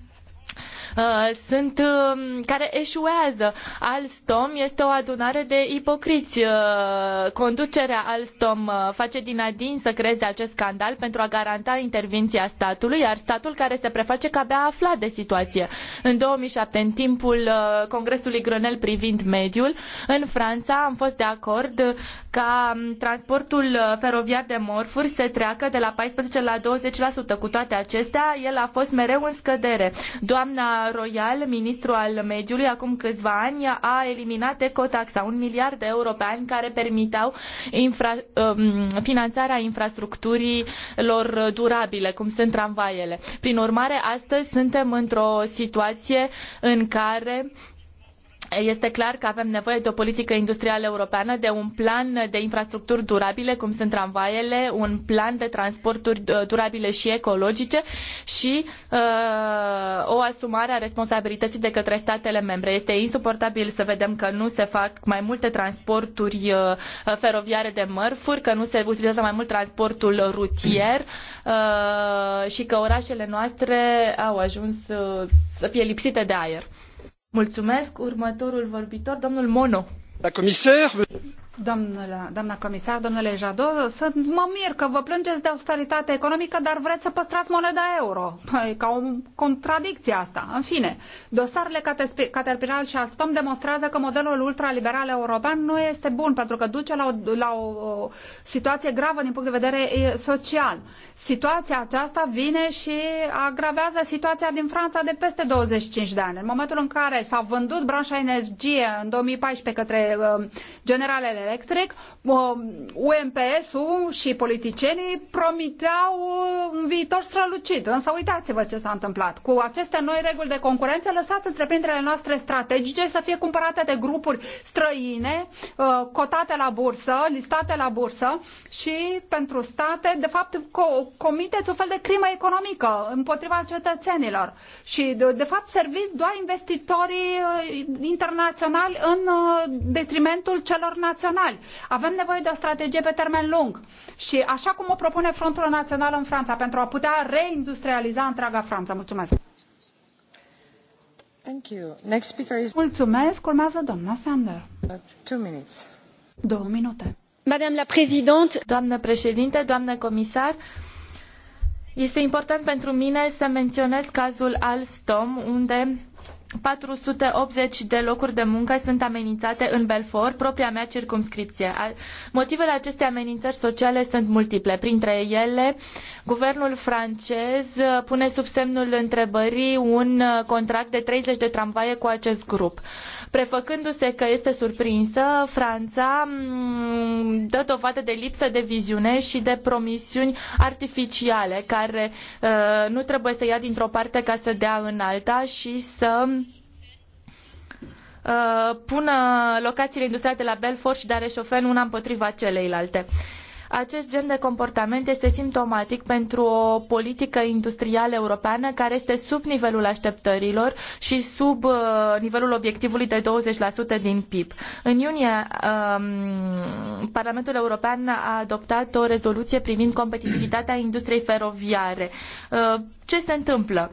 Uh, sunt, um, care eșuează. Alstom este o adunare de ipocriți. Uh, conducerea Alstom uh, face din adin să creeze acest scandal pentru a garanta intervenția statului, iar statul care se preface că abia a aflat de situație. În 2007, în timpul Congresului Grenel privind mediul, în Franța am fost de acord ca um, transportul feroviar de morfuri se treacă de la 14 la 20%. Cu toate acestea, el a fost mereu în scădere. Doamna Royal, ministru al mediului, acum câțiva ani, a eliminat ecotaxa, un miliard de euro pe an care permiteau infra, um, finanțarea infrastructurilor durabile, cum sunt tramvaiele. Prin urmare, astăzi suntem într-o situație în care este clar că avem nevoie de o politică industrială europeană, de un plan de infrastructuri durabile, cum sunt tramvaiele, un plan de transporturi uh, durabile și ecologice și uh, o asumare a responsabilității de către statele membre. Este insuportabil să vedem că nu se fac mai multe transporturi uh, feroviare de mărfuri, că nu se utilizează mai mult transportul rutier uh, și că orașele noastre au ajuns uh, să fie lipsite de aer. Mulțumesc. Următorul vorbitor, domnul Mono. La comisar... Domnule, doamna comisar, domnule Jadot, să mă mir că vă plângeți de austeritate economică, dar vreți să păstrați moneda euro. E păi, ca o contradicție asta. În fine, dosarele Caterpillar și Alstom demonstrează că modelul ultraliberal european nu este bun, pentru că duce la o, la o situație gravă din punct de vedere social. Situația aceasta vine și agravează situația din Franța de peste 25 de ani. În momentul în care s-a vândut branșa energie în 2014 către uh, generalele electric UMPS-ul și politicienii promiteau un viitor strălucit. Însă uitați-vă ce s-a întâmplat. Cu aceste noi reguli de concurență, lăsați întreprinderile noastre strategice să fie cumpărate de grupuri străine, uh, cotate la bursă, listate la bursă și pentru state, de fapt, co- comiteți un fel de crimă economică împotriva cetățenilor. Și, de, de fapt, serviți doar investitorii uh, internaționali în uh, detrimentul celor naționali. Avem nevoie de o strategie pe termen lung și așa cum o propune Frontul Național în Franța pentru a putea reindustrializa întreaga Franța. Mulțumesc! Thank you. Next speaker is... Mulțumesc. Urmează doamna Sander. two minutes. Două minute. Madame la Présidente, doamnă președinte, doamnă comisar, este important pentru mine să menționez cazul Alstom, unde 480 de locuri de muncă sunt amenințate în Belfort, propria mea circumscripție. Motivele acestei amenințări sociale sunt multiple, printre ele Guvernul francez uh, pune sub semnul întrebării un uh, contract de 30 de tramvaie cu acest grup. Prefăcându-se că este surprinsă, Franța mm, dă dovadă de lipsă de viziune și de promisiuni artificiale care uh, nu trebuie să ia dintr-o parte ca să dea în alta și să pună locațiile industriale de la Belfort și de la Reșofen una împotriva celeilalte. Uh, acest gen de comportament este simptomatic pentru o politică industrială europeană care este sub nivelul așteptărilor și sub uh, nivelul obiectivului de 20% din PIB. În iunie, um, Parlamentul European a adoptat o rezoluție privind competitivitatea industriei feroviare. Uh, ce se întâmplă?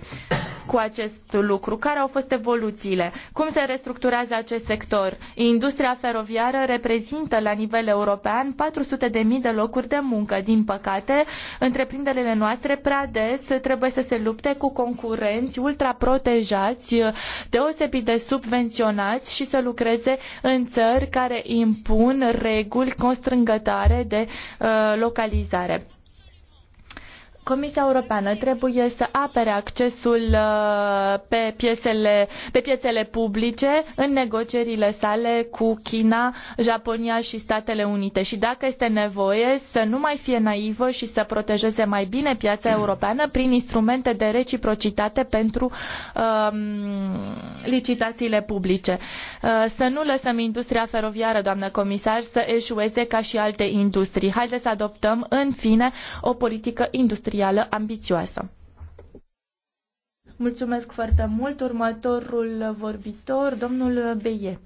cu acest lucru? Care au fost evoluțiile? Cum se restructurează acest sector? Industria feroviară reprezintă la nivel european 400.000 de, de locuri de muncă. Din păcate, întreprinderile noastre prea des trebuie să se lupte cu concurenți ultraprotejați, deosebit de subvenționați și să lucreze în țări care impun reguli constrângătoare de uh, localizare. Comisia Europeană trebuie să apere accesul uh, pe, piesele, pe piețele publice în negocierile sale cu China, Japonia și Statele Unite și dacă este nevoie să nu mai fie naivă și să protejeze mai bine piața europeană prin instrumente de reciprocitate pentru um, licitațiile publice. Uh, să nu lăsăm industria feroviară, doamnă comisar, să eșueze ca și alte industrii. Haideți să adoptăm, în fine, o politică industrială industrială ambițioasă. Mulțumesc foarte mult. Următorul vorbitor, domnul Beie.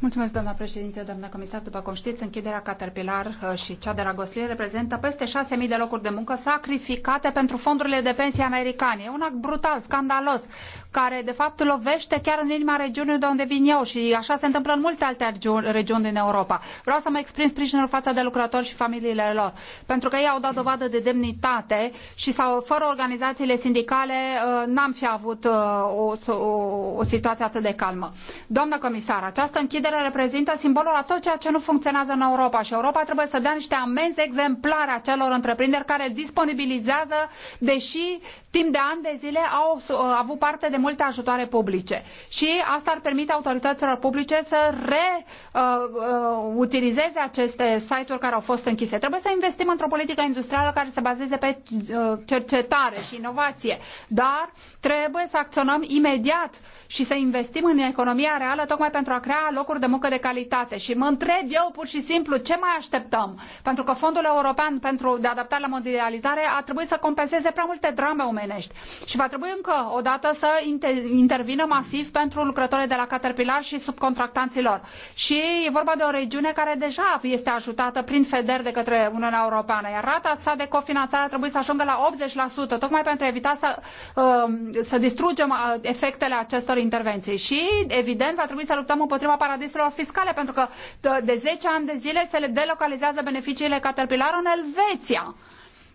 Mulțumesc, doamna președinte, doamna comisar. După cum știți, închiderea Caterpillar uh, și cea de la Gosling reprezintă peste mii de locuri de muncă sacrificate pentru fondurile de pensie americane. E un act brutal, scandalos, care de fapt lovește chiar în inima regiunii de unde vin eu și așa se întâmplă în multe alte regiuni din Europa. Vreau să mă exprim sprijinul față de lucrători și familiile lor, pentru că ei au dat dovadă de demnitate și sau, fără organizațiile sindicale uh, n-am fi avut uh, o, o, o situație atât de calmă. Doamna Doamnă comisar, această închidere reprezintă simbolul a tot ceea ce nu funcționează în Europa și Europa trebuie să dea niște amenzi exemplare acelor întreprinderi care disponibilizează, deși timp de ani de zile au uh, avut parte de multe ajutoare publice. Și asta ar permite autorităților publice să reutilizeze uh, uh, aceste site-uri care au fost închise. Trebuie să investim într-o politică industrială care se bazeze pe cercetare și inovație, dar trebuie să acționăm imediat și să investim în economia reală digitală tocmai pentru a crea locuri de muncă de calitate. Și mă întreb eu pur și simplu ce mai așteptăm? Pentru că Fondul European pentru de adaptare la mondializare a trebuit să compenseze prea multe drame omenești. Și va trebui încă o dată să intervină masiv pentru lucrătorii de la Caterpillar și subcontractanții lor. Și e vorba de o regiune care deja este ajutată prin FEDER de către Uniunea Europeană, iar rata sa de cofinanțare ar trebui să ajungă la 80%, tocmai pentru a evita să, um, să distrugem uh, efectele acestor intervenții. Și, evident, va trebui să luptăm împotriva paradisurilor fiscale, pentru că de 10 ani de zile se le delocalizează beneficiile Caterpillar în Elveția.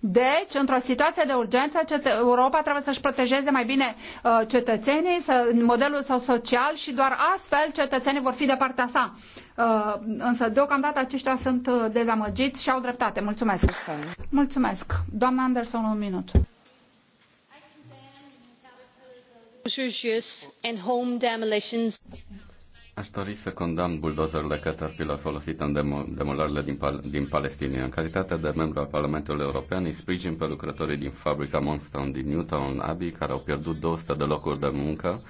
Deci, într-o situație de urgență, Europa trebuie să-și protejeze mai bine uh, cetățenii, să, modelul său social și doar astfel cetățenii vor fi de partea sa. Uh, însă, deocamdată, aceștia sunt uh, dezamăgiți și au dreptate. Mulțumesc! Mulțumesc! Doamna Anderson, un minut. Aș dori să condamn buldozerele Caterpillar folosite în demolările din, Pal- din Palestina. În calitate de membru al Parlamentului European, îi sprijin pe lucrătorii din fabrica Monstone din Newtown Abbey, care au pierdut 200 de locuri de muncă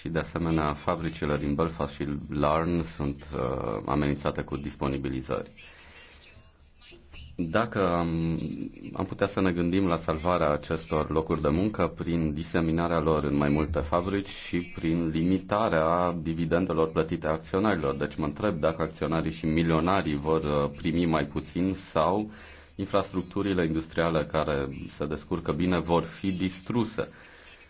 și, de asemenea, fabricile din Belfast și Larne sunt uh, amenințate cu disponibilizări. Dacă am, am putea să ne gândim la salvarea acestor locuri de muncă prin diseminarea lor în mai multe fabrici și prin limitarea dividendelor plătite acționarilor. Deci mă întreb dacă acționarii și milionarii vor uh, primi mai puțin sau infrastructurile industriale care se descurcă bine vor fi distruse.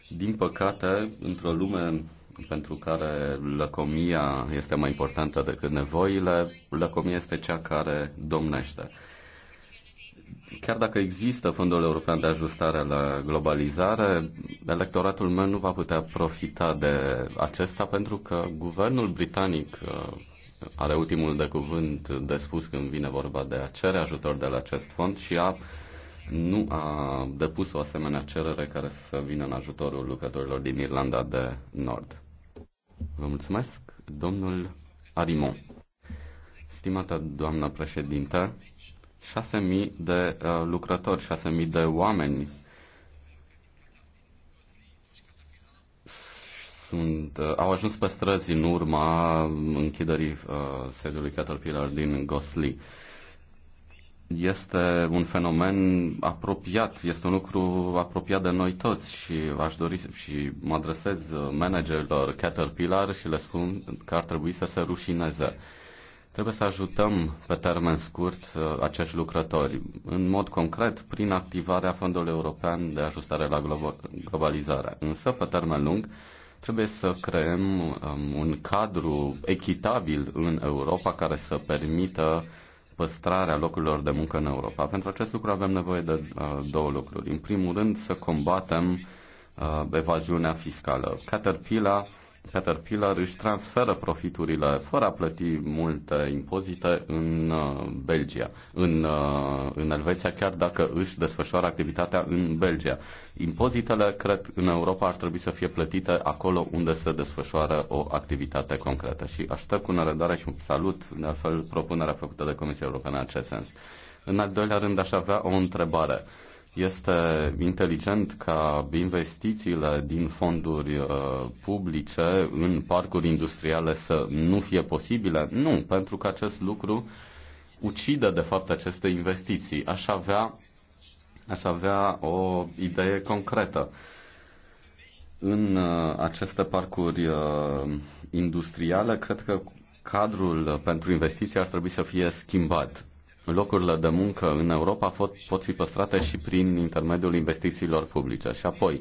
Din păcate, într-o lume pentru care lăcomia este mai importantă decât nevoile, lăcomia este cea care domnește chiar dacă există Fondul European de Ajustare la Globalizare, electoratul meu nu va putea profita de acesta pentru că guvernul britanic uh, are ultimul de cuvânt de spus când vine vorba de a cere ajutor de la acest fond și a nu a depus o asemenea cerere care să vină în ajutorul lucrătorilor din Irlanda de Nord. Vă mulțumesc, domnul Arimon. Stimată doamnă președintă, 6.000 de uh, lucrători, 6.000 de oameni sunt, uh, au ajuns pe străzi în urma închiderii uh, sediului Caterpillar din Gosli. Este un fenomen apropiat, este un lucru apropiat de noi toți și aș dori și mă adresez uh, managerilor Caterpillar și le spun că ar trebui să se rușineze. Uh, Trebuie să ajutăm pe termen scurt uh, acești lucrători, în mod concret prin activarea Fondului European de Ajustare la Globalizare. Însă, pe termen lung, trebuie să creăm um, un cadru echitabil în Europa care să permită păstrarea locurilor de muncă în Europa. Pentru acest lucru avem nevoie de uh, două lucruri. În primul rând, să combatem uh, evaziunea fiscală. Caterpillar Caterpillar își transferă profiturile fără a plăti multe impozite în uh, Belgia, în, uh, în Elveția, chiar dacă își desfășoară activitatea în Belgia. Impozitele, cred, în Europa ar trebui să fie plătite acolo unde se desfășoară o activitate concretă și aștept cu nerăbdare și salut, de altfel, propunerea făcută de Comisia Europeană în acest sens. În al doilea rând, aș avea o întrebare. Este inteligent ca investițiile din fonduri uh, publice în parcuri industriale să nu fie posibile? Nu, pentru că acest lucru ucide de fapt aceste investiții. Aș avea, aș avea o idee concretă. În uh, aceste parcuri uh, industriale, cred că cadrul pentru investiții ar trebui să fie schimbat locurile de muncă în Europa pot, pot fi păstrate și prin intermediul investițiilor publice. Și apoi,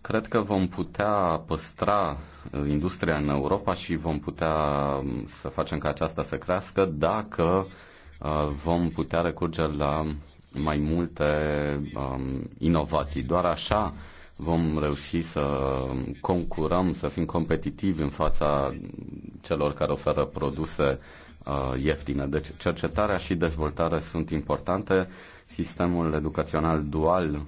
cred că vom putea păstra uh, industria în Europa și vom putea um, să facem ca aceasta să crească dacă uh, vom putea recurge la mai multe um, inovații. Doar așa vom reuși să concurăm, să fim competitivi în fața celor care oferă produse Uh, ieftină. Deci cercetarea și dezvoltarea sunt importante. Sistemul educațional dual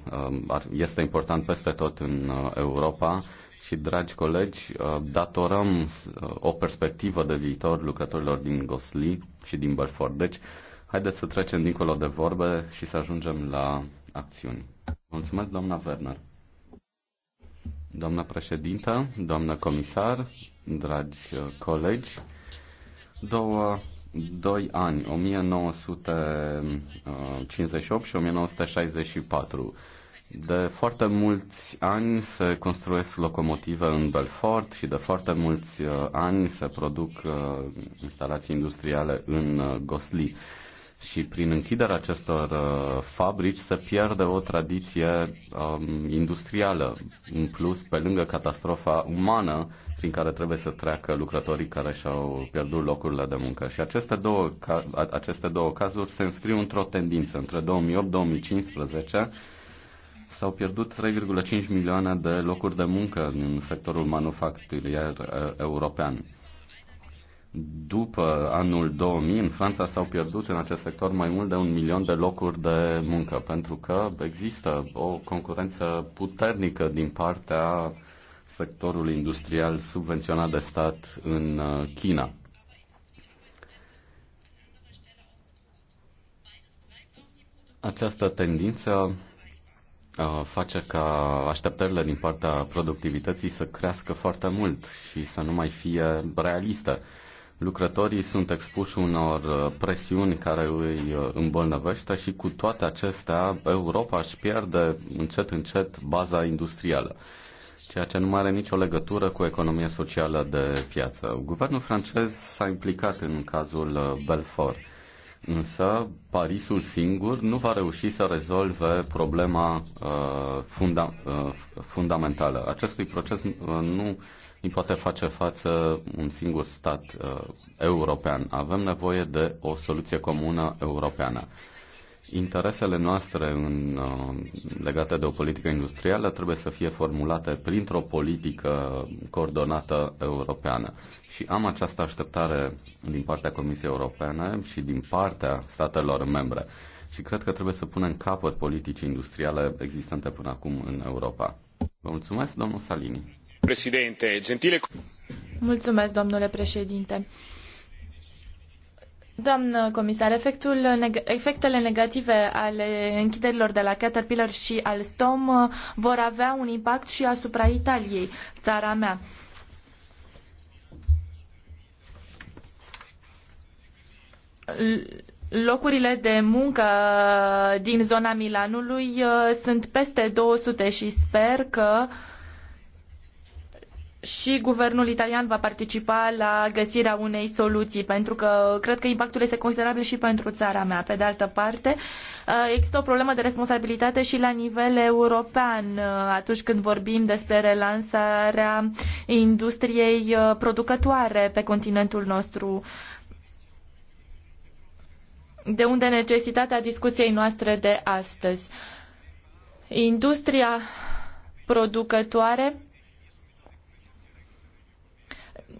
uh, este important peste tot în uh, Europa și, dragi colegi, datorăm o perspectivă de viitor lucrătorilor din Gosli și din Belfort. Deci, haideți să trecem dincolo de vorbe și să ajungem la acțiuni. Mulțumesc, doamna Werner. Doamna președintă, doamna comisar, dragi colegi, două, doi ani, 1958 și 1964. De foarte mulți ani se construiesc locomotive în Belfort și de foarte mulți uh, ani se produc uh, instalații industriale în uh, Gosli. Și prin închiderea acestor fabrici se pierde o tradiție um, industrială. În plus, pe lângă catastrofa umană, prin care trebuie să treacă lucrătorii care și-au pierdut locurile de muncă. Și aceste două, aceste două cazuri se înscriu într-o tendință. Între 2008-2015 s-au pierdut 3,5 milioane de locuri de muncă în sectorul manufacturier european. După anul 2000, în Franța s-au pierdut în acest sector mai mult de un milion de locuri de muncă, pentru că există o concurență puternică din partea sectorul industrial subvenționat de stat în uh, China. Această tendință uh, face ca așteptările din partea productivității să crească foarte mult și să nu mai fie realiste. Lucrătorii sunt expuși unor uh, presiuni care îi îmbolnăvește și cu toate acestea Europa își pierde încet încet baza industrială ceea ce nu are nicio legătură cu economia socială de piață. Guvernul francez s-a implicat în cazul uh, Belfort, însă Parisul singur nu va reuși să rezolve problema uh, funda- uh, fundamentală. Acestui proces uh, nu îi poate face față un singur stat uh, european. Avem nevoie de o soluție comună europeană interesele noastre în, uh, legate de o politică industrială trebuie să fie formulate printr-o politică coordonată europeană. Și am această așteptare din partea Comisiei Europene și din partea statelor membre. Și cred că trebuie să punem capăt politicii industriale existente până acum în Europa. Vă mulțumesc, domnul Salini. Președinte, gentile... Mulțumesc, domnule președinte. Doamnă comisar, efectul, efectele negative ale închiderilor de la Caterpillar și al Stom uh, vor avea un impact și asupra Italiei, țara mea. Locurile de muncă din zona Milanului uh, sunt peste 200 și sper că uh, și guvernul italian va participa la găsirea unei soluții, pentru că cred că impactul este considerabil și pentru țara mea. Pe de altă parte, uh, există o problemă de responsabilitate și la nivel european uh, atunci când vorbim despre relansarea industriei uh, producătoare pe continentul nostru de unde necesitatea discuției noastre de astăzi. Industria producătoare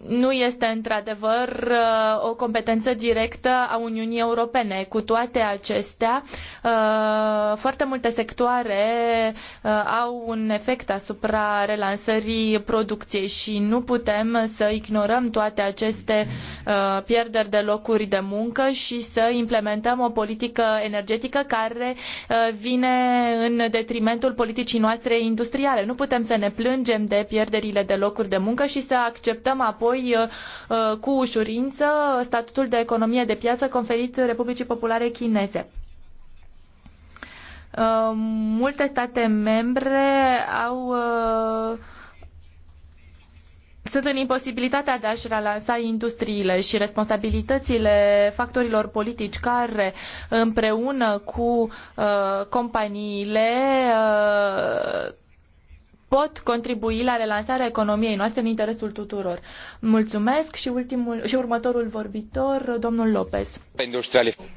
nu este într-adevăr uh, o competență directă a Uniunii Europene. Cu toate acestea, uh, foarte multe sectoare uh, au un efect asupra relansării producției și nu putem să ignorăm toate aceste pierderi de locuri de muncă și să implementăm o politică energetică care vine în detrimentul politicii noastre industriale. Nu putem să ne plângem de pierderile de locuri de muncă și să acceptăm apoi apoi uh, uh, cu ușurință statutul de economie de piață conferit Republicii Populare Chineze uh, multe state membre au sunt în imposibilitatea de a-și relansa industriile și responsabilitățile factorilor politici care împreună cu uh, companiile uh, pot contribui la relansarea economiei noastre în interesul tuturor. Mulțumesc și, ultimul, și următorul vorbitor, domnul Lopez.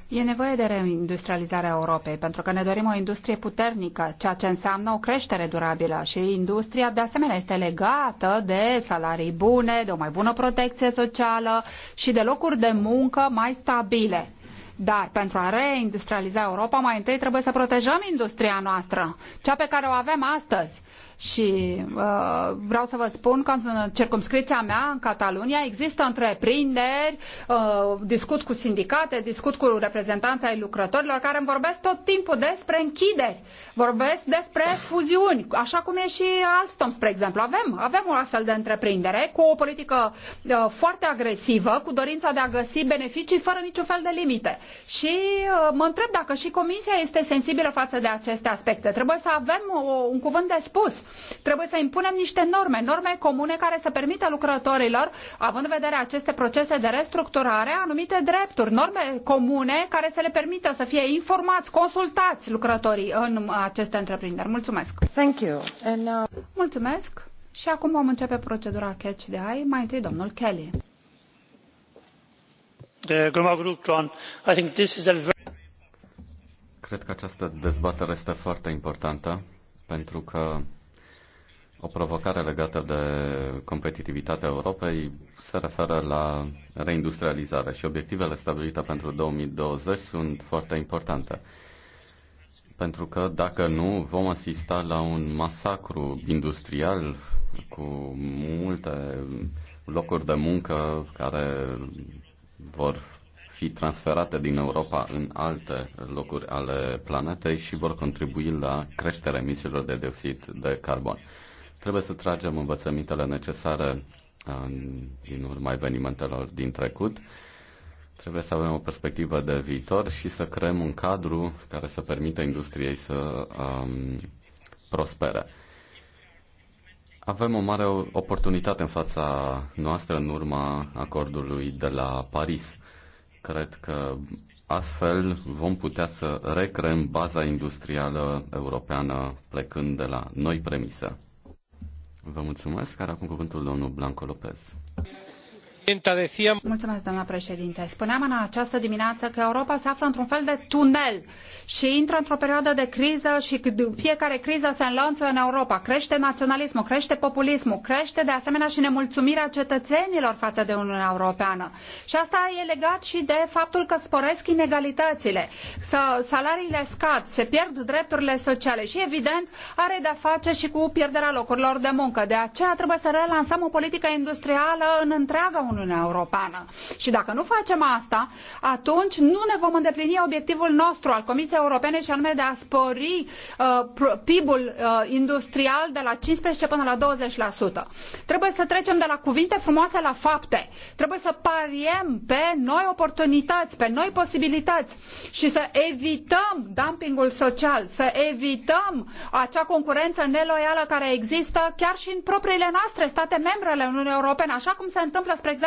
E nevoie de reindustrializarea Europei, pentru că ne dorim o industrie puternică, ceea ce înseamnă o creștere durabilă și industria de asemenea este legată de salarii bune, de o mai bună protecție socială și de locuri de muncă mai stabile. Dar pentru a reindustrializa Europa, mai întâi trebuie să protejăm industria noastră, cea pe care o avem astăzi. Și uh, vreau să vă spun că în circumscripția mea, în Catalunia, există întreprinderi, uh, discut cu sindicate, discut cu reprezentanța ai lucrătorilor care îmi vorbesc tot timpul despre închideri, vorbesc despre fuziuni, așa cum e și Alstom, spre exemplu. Avem, avem o astfel de întreprindere cu o politică uh, foarte agresivă, cu dorința de a găsi beneficii fără niciun fel de limite. Și uh, mă întreb dacă și Comisia este sensibilă față de aceste aspecte. Trebuie să avem o, uh, un cuvânt de spus Trebuie să impunem niște norme, norme comune care să permită lucrătorilor, având în vedere aceste procese de restructurare, anumite drepturi, norme comune care să le permită să fie informați, consultați lucrătorii în aceste întreprinderi. Mulțumesc! Thank you. And uh, Mulțumesc! Și acum vom începe procedura catch de ai. Mai întâi domnul Kelly. Cred că această dezbatere este foarte importantă pentru că o provocare legată de competitivitatea Europei se referă la reindustrializare și obiectivele stabilite pentru 2020 sunt foarte importante. Pentru că dacă nu, vom asista la un masacru industrial cu multe locuri de muncă care vor fi transferate din Europa în alte locuri ale planetei și vor contribui la creșterea emisiilor de dioxid de carbon. Trebuie să tragem învățămintele necesare uh, din urma evenimentelor din trecut. Trebuie să avem o perspectivă de viitor și să creăm un cadru care să permită industriei să um, prospere. Avem o mare oportunitate în fața noastră în urma acordului de la Paris. Cred că astfel vom putea să recreăm baza industrială europeană plecând de la noi premise. Vă mulțumesc, care acum cuvântul domnul Blanco Lopez. Mulțumesc, doamna președinte. Spuneam în această dimineață că Europa se află într-un fel de tunel și intră într-o perioadă de criză și fiecare criză se înlănțuie în Europa. Crește naționalismul, crește populismul, crește de asemenea și nemulțumirea cetățenilor față de Uniunea Europeană. Și asta e legat și de faptul că sporesc inegalitățile, salariile scad, se pierd drepturile sociale și evident are de-a face și cu pierderea locurilor de muncă. De aceea trebuie să relansăm o politică industrială în întreaga Uniune Uniunea Europeană. Și dacă nu facem asta, atunci nu ne vom îndeplini obiectivul nostru al Comisiei Europene și anume de a spori uh, PIB-ul uh, industrial de la 15 până la 20%. Trebuie să trecem de la cuvinte frumoase la fapte. Trebuie să pariem pe noi oportunități, pe noi posibilități și să evităm dumpingul social, să evităm acea concurență neloială care există chiar și în propriile noastre state membre ale Uniunii Europene, așa cum se întâmplă, spre exemplu,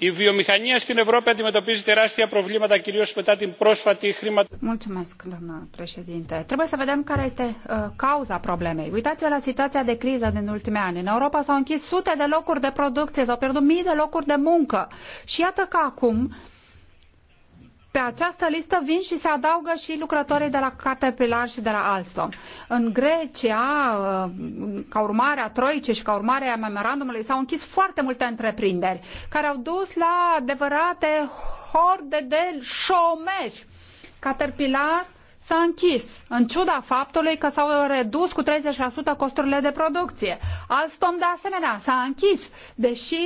Η βιομηχανία στην Ευρώπη αντιμετωπίζει τεράστια προβλήματα, κυρίω μετά την πρόσφατη χρήματα. Mulțumesc, doamnă președinte. Trebuie să vedem care este uh, cauza problemei. Uitați-vă la situația de criză din ultimii ani. În Europa s-au închis sute de locuri de producție, s-au pierdut mii de locuri de muncă. Și iată că acum uh, pe această listă vin și se adaugă și lucrătorii de la Caterpillar și de la Alstom. În Grecia, uh, ca urmare a Troice și ca urmare a memorandumului, s-au închis foarte multe întreprinderi care au dus la adevărate horde de șomeri. Caterpillar s-a închis, în ciuda faptului că s-au redus cu 30% costurile de producție. Alstom, de asemenea, s-a închis, deși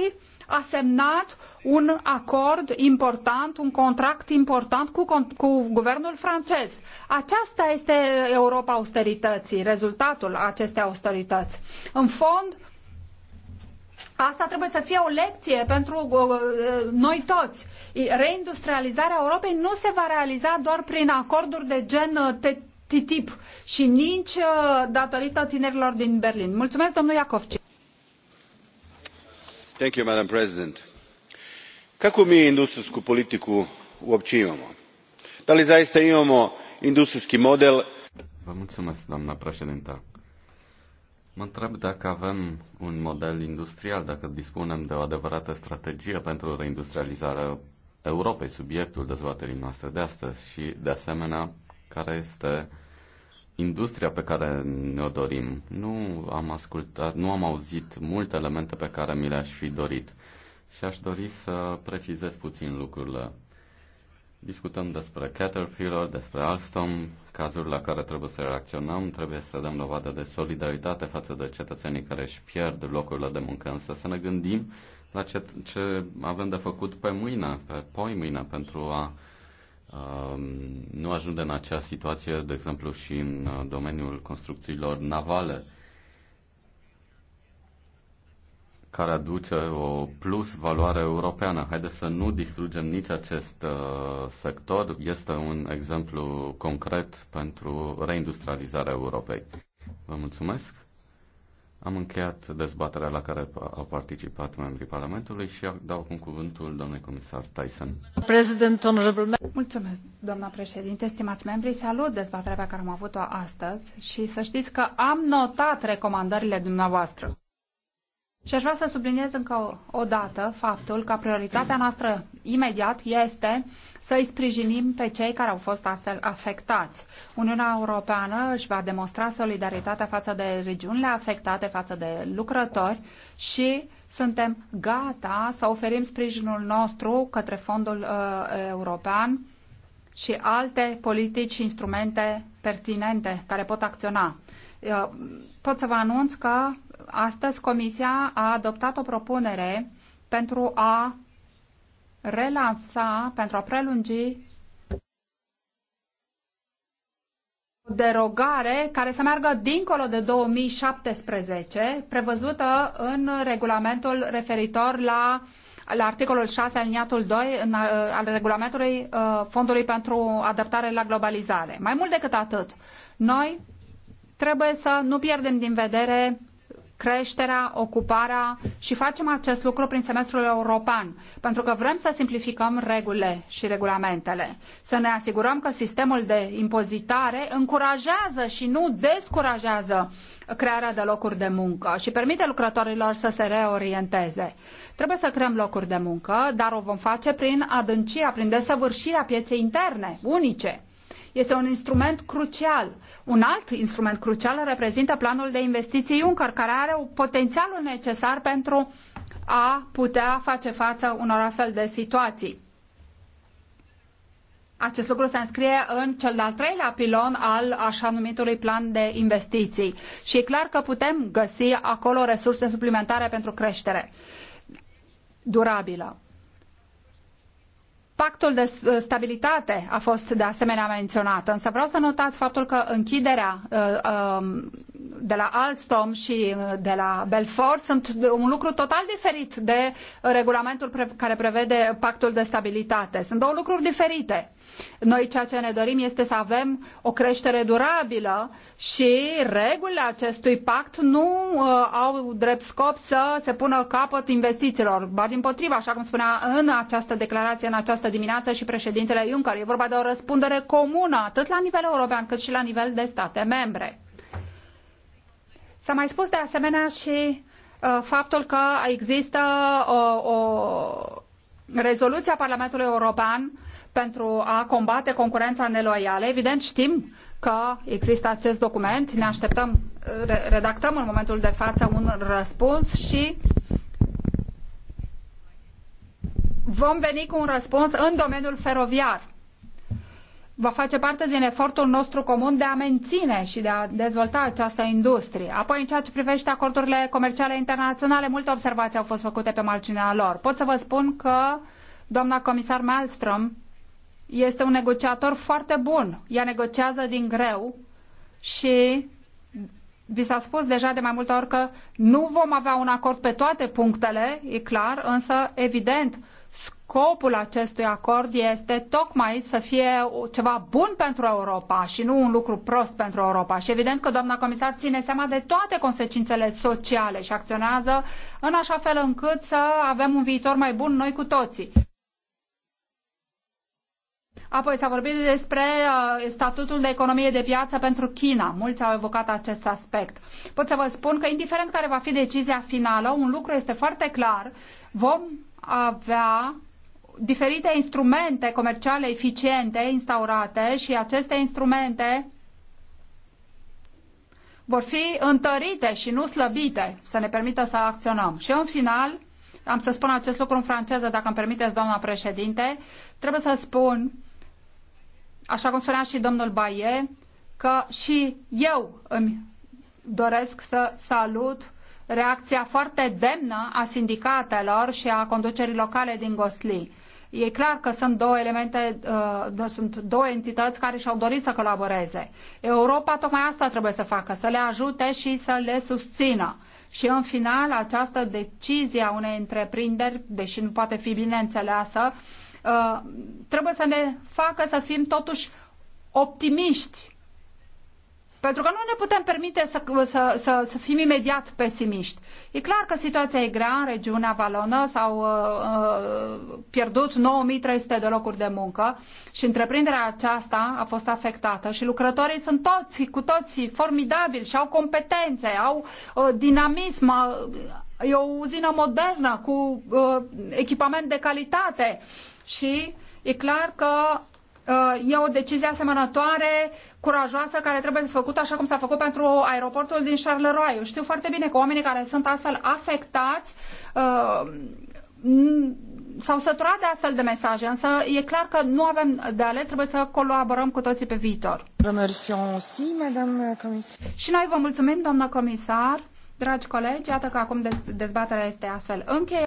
a semnat un acord important, un contract important cu, cu guvernul francez. Aceasta este Europa austerității, rezultatul acestei austerități. În fond, Asta trebuie să fie o lecție pentru uh, noi toți. Reindustrializarea Europei nu se va realiza doar prin acorduri de gen uh, TTIP și nici uh, datorită tinerilor din Berlin. Mulțumesc, domnul Iacovci gospođo predsjednice kakvu mi industrijsku politiku uopće imamo? da li zaista imamo industrijski model? doamnă președintă mă întreb dacă avem un model industrial dacă dispunem de o adevărată strategie pentru reindustrializarea europei subiectul dezbaterii noastre de astăzi și de asemenea care este industria pe care ne-o dorim. Nu am ascultat, nu am auzit multe elemente pe care mi le-aș fi dorit. Și aș dori să precizez puțin lucrurile. Discutăm despre Caterpillar, despre Alstom, cazuri la care trebuie să reacționăm, trebuie să dăm dovadă de solidaritate față de cetățenii care își pierd locurile de muncă, însă să ne gândim la ce, ce avem de făcut pe mâine, pe poi mâine, pentru a Um, nu ajunge în acea situație, de exemplu, și în uh, domeniul construcțiilor navale, care aduce o plus valoare europeană. Haideți să nu distrugem nici acest uh, sector. Este un exemplu concret pentru reindustrializarea Europei. Vă mulțumesc. Am încheiat dezbaterea la care au participat membrii Parlamentului și dau acum cuvântul doamnei comisar Tyson. Mulțumesc, doamna președinte, stimați membri, salut dezbaterea pe care am avut-o astăzi și să știți că am notat recomandările dumneavoastră. Și aș vrea să subliniez încă o, o dată faptul că prioritatea noastră imediat este să îi sprijinim pe cei care au fost astfel afectați. Uniunea Europeană își va demonstra solidaritatea față de regiunile afectate, față de lucrători și suntem gata să oferim sprijinul nostru către Fondul uh, European și alte politici și instrumente pertinente care pot acționa uh, pot să vă anunț că Astăzi Comisia a adoptat o propunere pentru a relansa, pentru a prelungi o derogare care să meargă dincolo de 2017, prevăzută în regulamentul referitor la la articolul 6 aliniatul 2 în, uh, al regulamentului uh, Fondului pentru Adaptare la Globalizare. Mai mult decât atât, noi trebuie să nu pierdem din vedere creșterea, ocuparea și facem acest lucru prin semestrul european, pentru că vrem să simplificăm regulile și regulamentele, să ne asigurăm că sistemul de impozitare încurajează și nu descurajează crearea de locuri de muncă și permite lucrătorilor să se reorienteze. Trebuie să creăm locuri de muncă, dar o vom face prin adâncirea, prin desăvârșirea pieței interne, unice. Este un instrument crucial. Un alt instrument crucial reprezintă planul de investiții Juncker, care are potențialul necesar pentru a putea face față unor astfel de situații. Acest lucru se înscrie în cel de-al treilea pilon al așa numitului plan de investiții. Și e clar că putem găsi acolo resurse suplimentare pentru creștere durabilă. Pactul de stabilitate a fost de asemenea menționat, însă vreau să notați faptul că închiderea uh, um, de la Alstom și uh, de la Belfort sunt un lucru total diferit de regulamentul care prevede pactul de stabilitate. Sunt două lucruri diferite. Noi ceea ce ne dorim este să avem o creștere durabilă și regulile acestui pact nu uh, au drept scop să se pună capăt investițiilor. Ba din potriva, așa cum spunea în această declarație, în această dimineață și președintele Juncker, e vorba de o răspundere comună, atât la nivel european cât și la nivel de state membre. S-a mai spus de asemenea și uh, faptul că există o, uh, o rezoluție a Parlamentului European pentru a combate concurența neloială. Evident, știm că există acest document, ne așteptăm, redactăm în momentul de față un răspuns și vom veni cu un răspuns în domeniul feroviar. Va face parte din efortul nostru comun de a menține și de a dezvolta această industrie. Apoi, în ceea ce privește acordurile comerciale internaționale, multe observații au fost făcute pe marginea lor. Pot să vă spun că doamna comisar Malmström este un negociator foarte bun. Ea negociază din greu și vi s-a spus deja de mai multe ori că nu vom avea un acord pe toate punctele, e clar, însă, evident, scopul acestui acord este tocmai să fie ceva bun pentru Europa și nu un lucru prost pentru Europa. Și evident că doamna comisar ține seama de toate consecințele sociale și acționează în așa fel încât să avem un viitor mai bun noi cu toții. Apoi s-a vorbit despre uh, statutul de economie de piață pentru China. Mulți au evocat acest aspect. Pot să vă spun că, indiferent care va fi decizia finală, un lucru este foarte clar. Vom avea diferite instrumente comerciale eficiente instaurate și aceste instrumente vor fi întărite și nu slăbite să ne permită să acționăm. Și în final, am să spun acest lucru în franceză, dacă îmi permiteți, doamna președinte, trebuie să spun așa cum spunea și domnul Baie, că și eu îmi doresc să salut reacția foarte demnă a sindicatelor și a conducerii locale din Gosli. E clar că sunt două elemente, uh, sunt două entități care și-au dorit să colaboreze. Europa tocmai asta trebuie să facă, să le ajute și să le susțină. Și în final, această decizie a unei întreprinderi, deși nu poate fi bine înțeleasă, uh, Uh, trebuie să ne facă să fim totuși optimiști. Pentru că nu ne putem permite să, să, să, să fim imediat pesimiști. E clar că situația e grea în regiunea Valonă, s-au uh, uh pierdut 9300 de locuri de muncă și întreprinderea aceasta a fost afectată și lucrătorii sunt toți, cu toții formidabili și au competențe, au uh, dinamism, uh, e o uzină modernă cu uh, echipament de calitate. Uh, și e clar că uh, e o decizie asemănătoare, curajoasă, care trebuie făcută așa cum s-a făcut pentru aeroportul din Charleroi. Eu știu foarte bine că oamenii care sunt astfel afectați uh, s-au săturat de astfel de mesaje, însă e clar că nu avem de ales, trebuie să colaborăm cu toții pe viitor. Și noi vă mulțumim, doamna comisar, dragi colegi, iată că acum dezbaterea este astfel încheiată.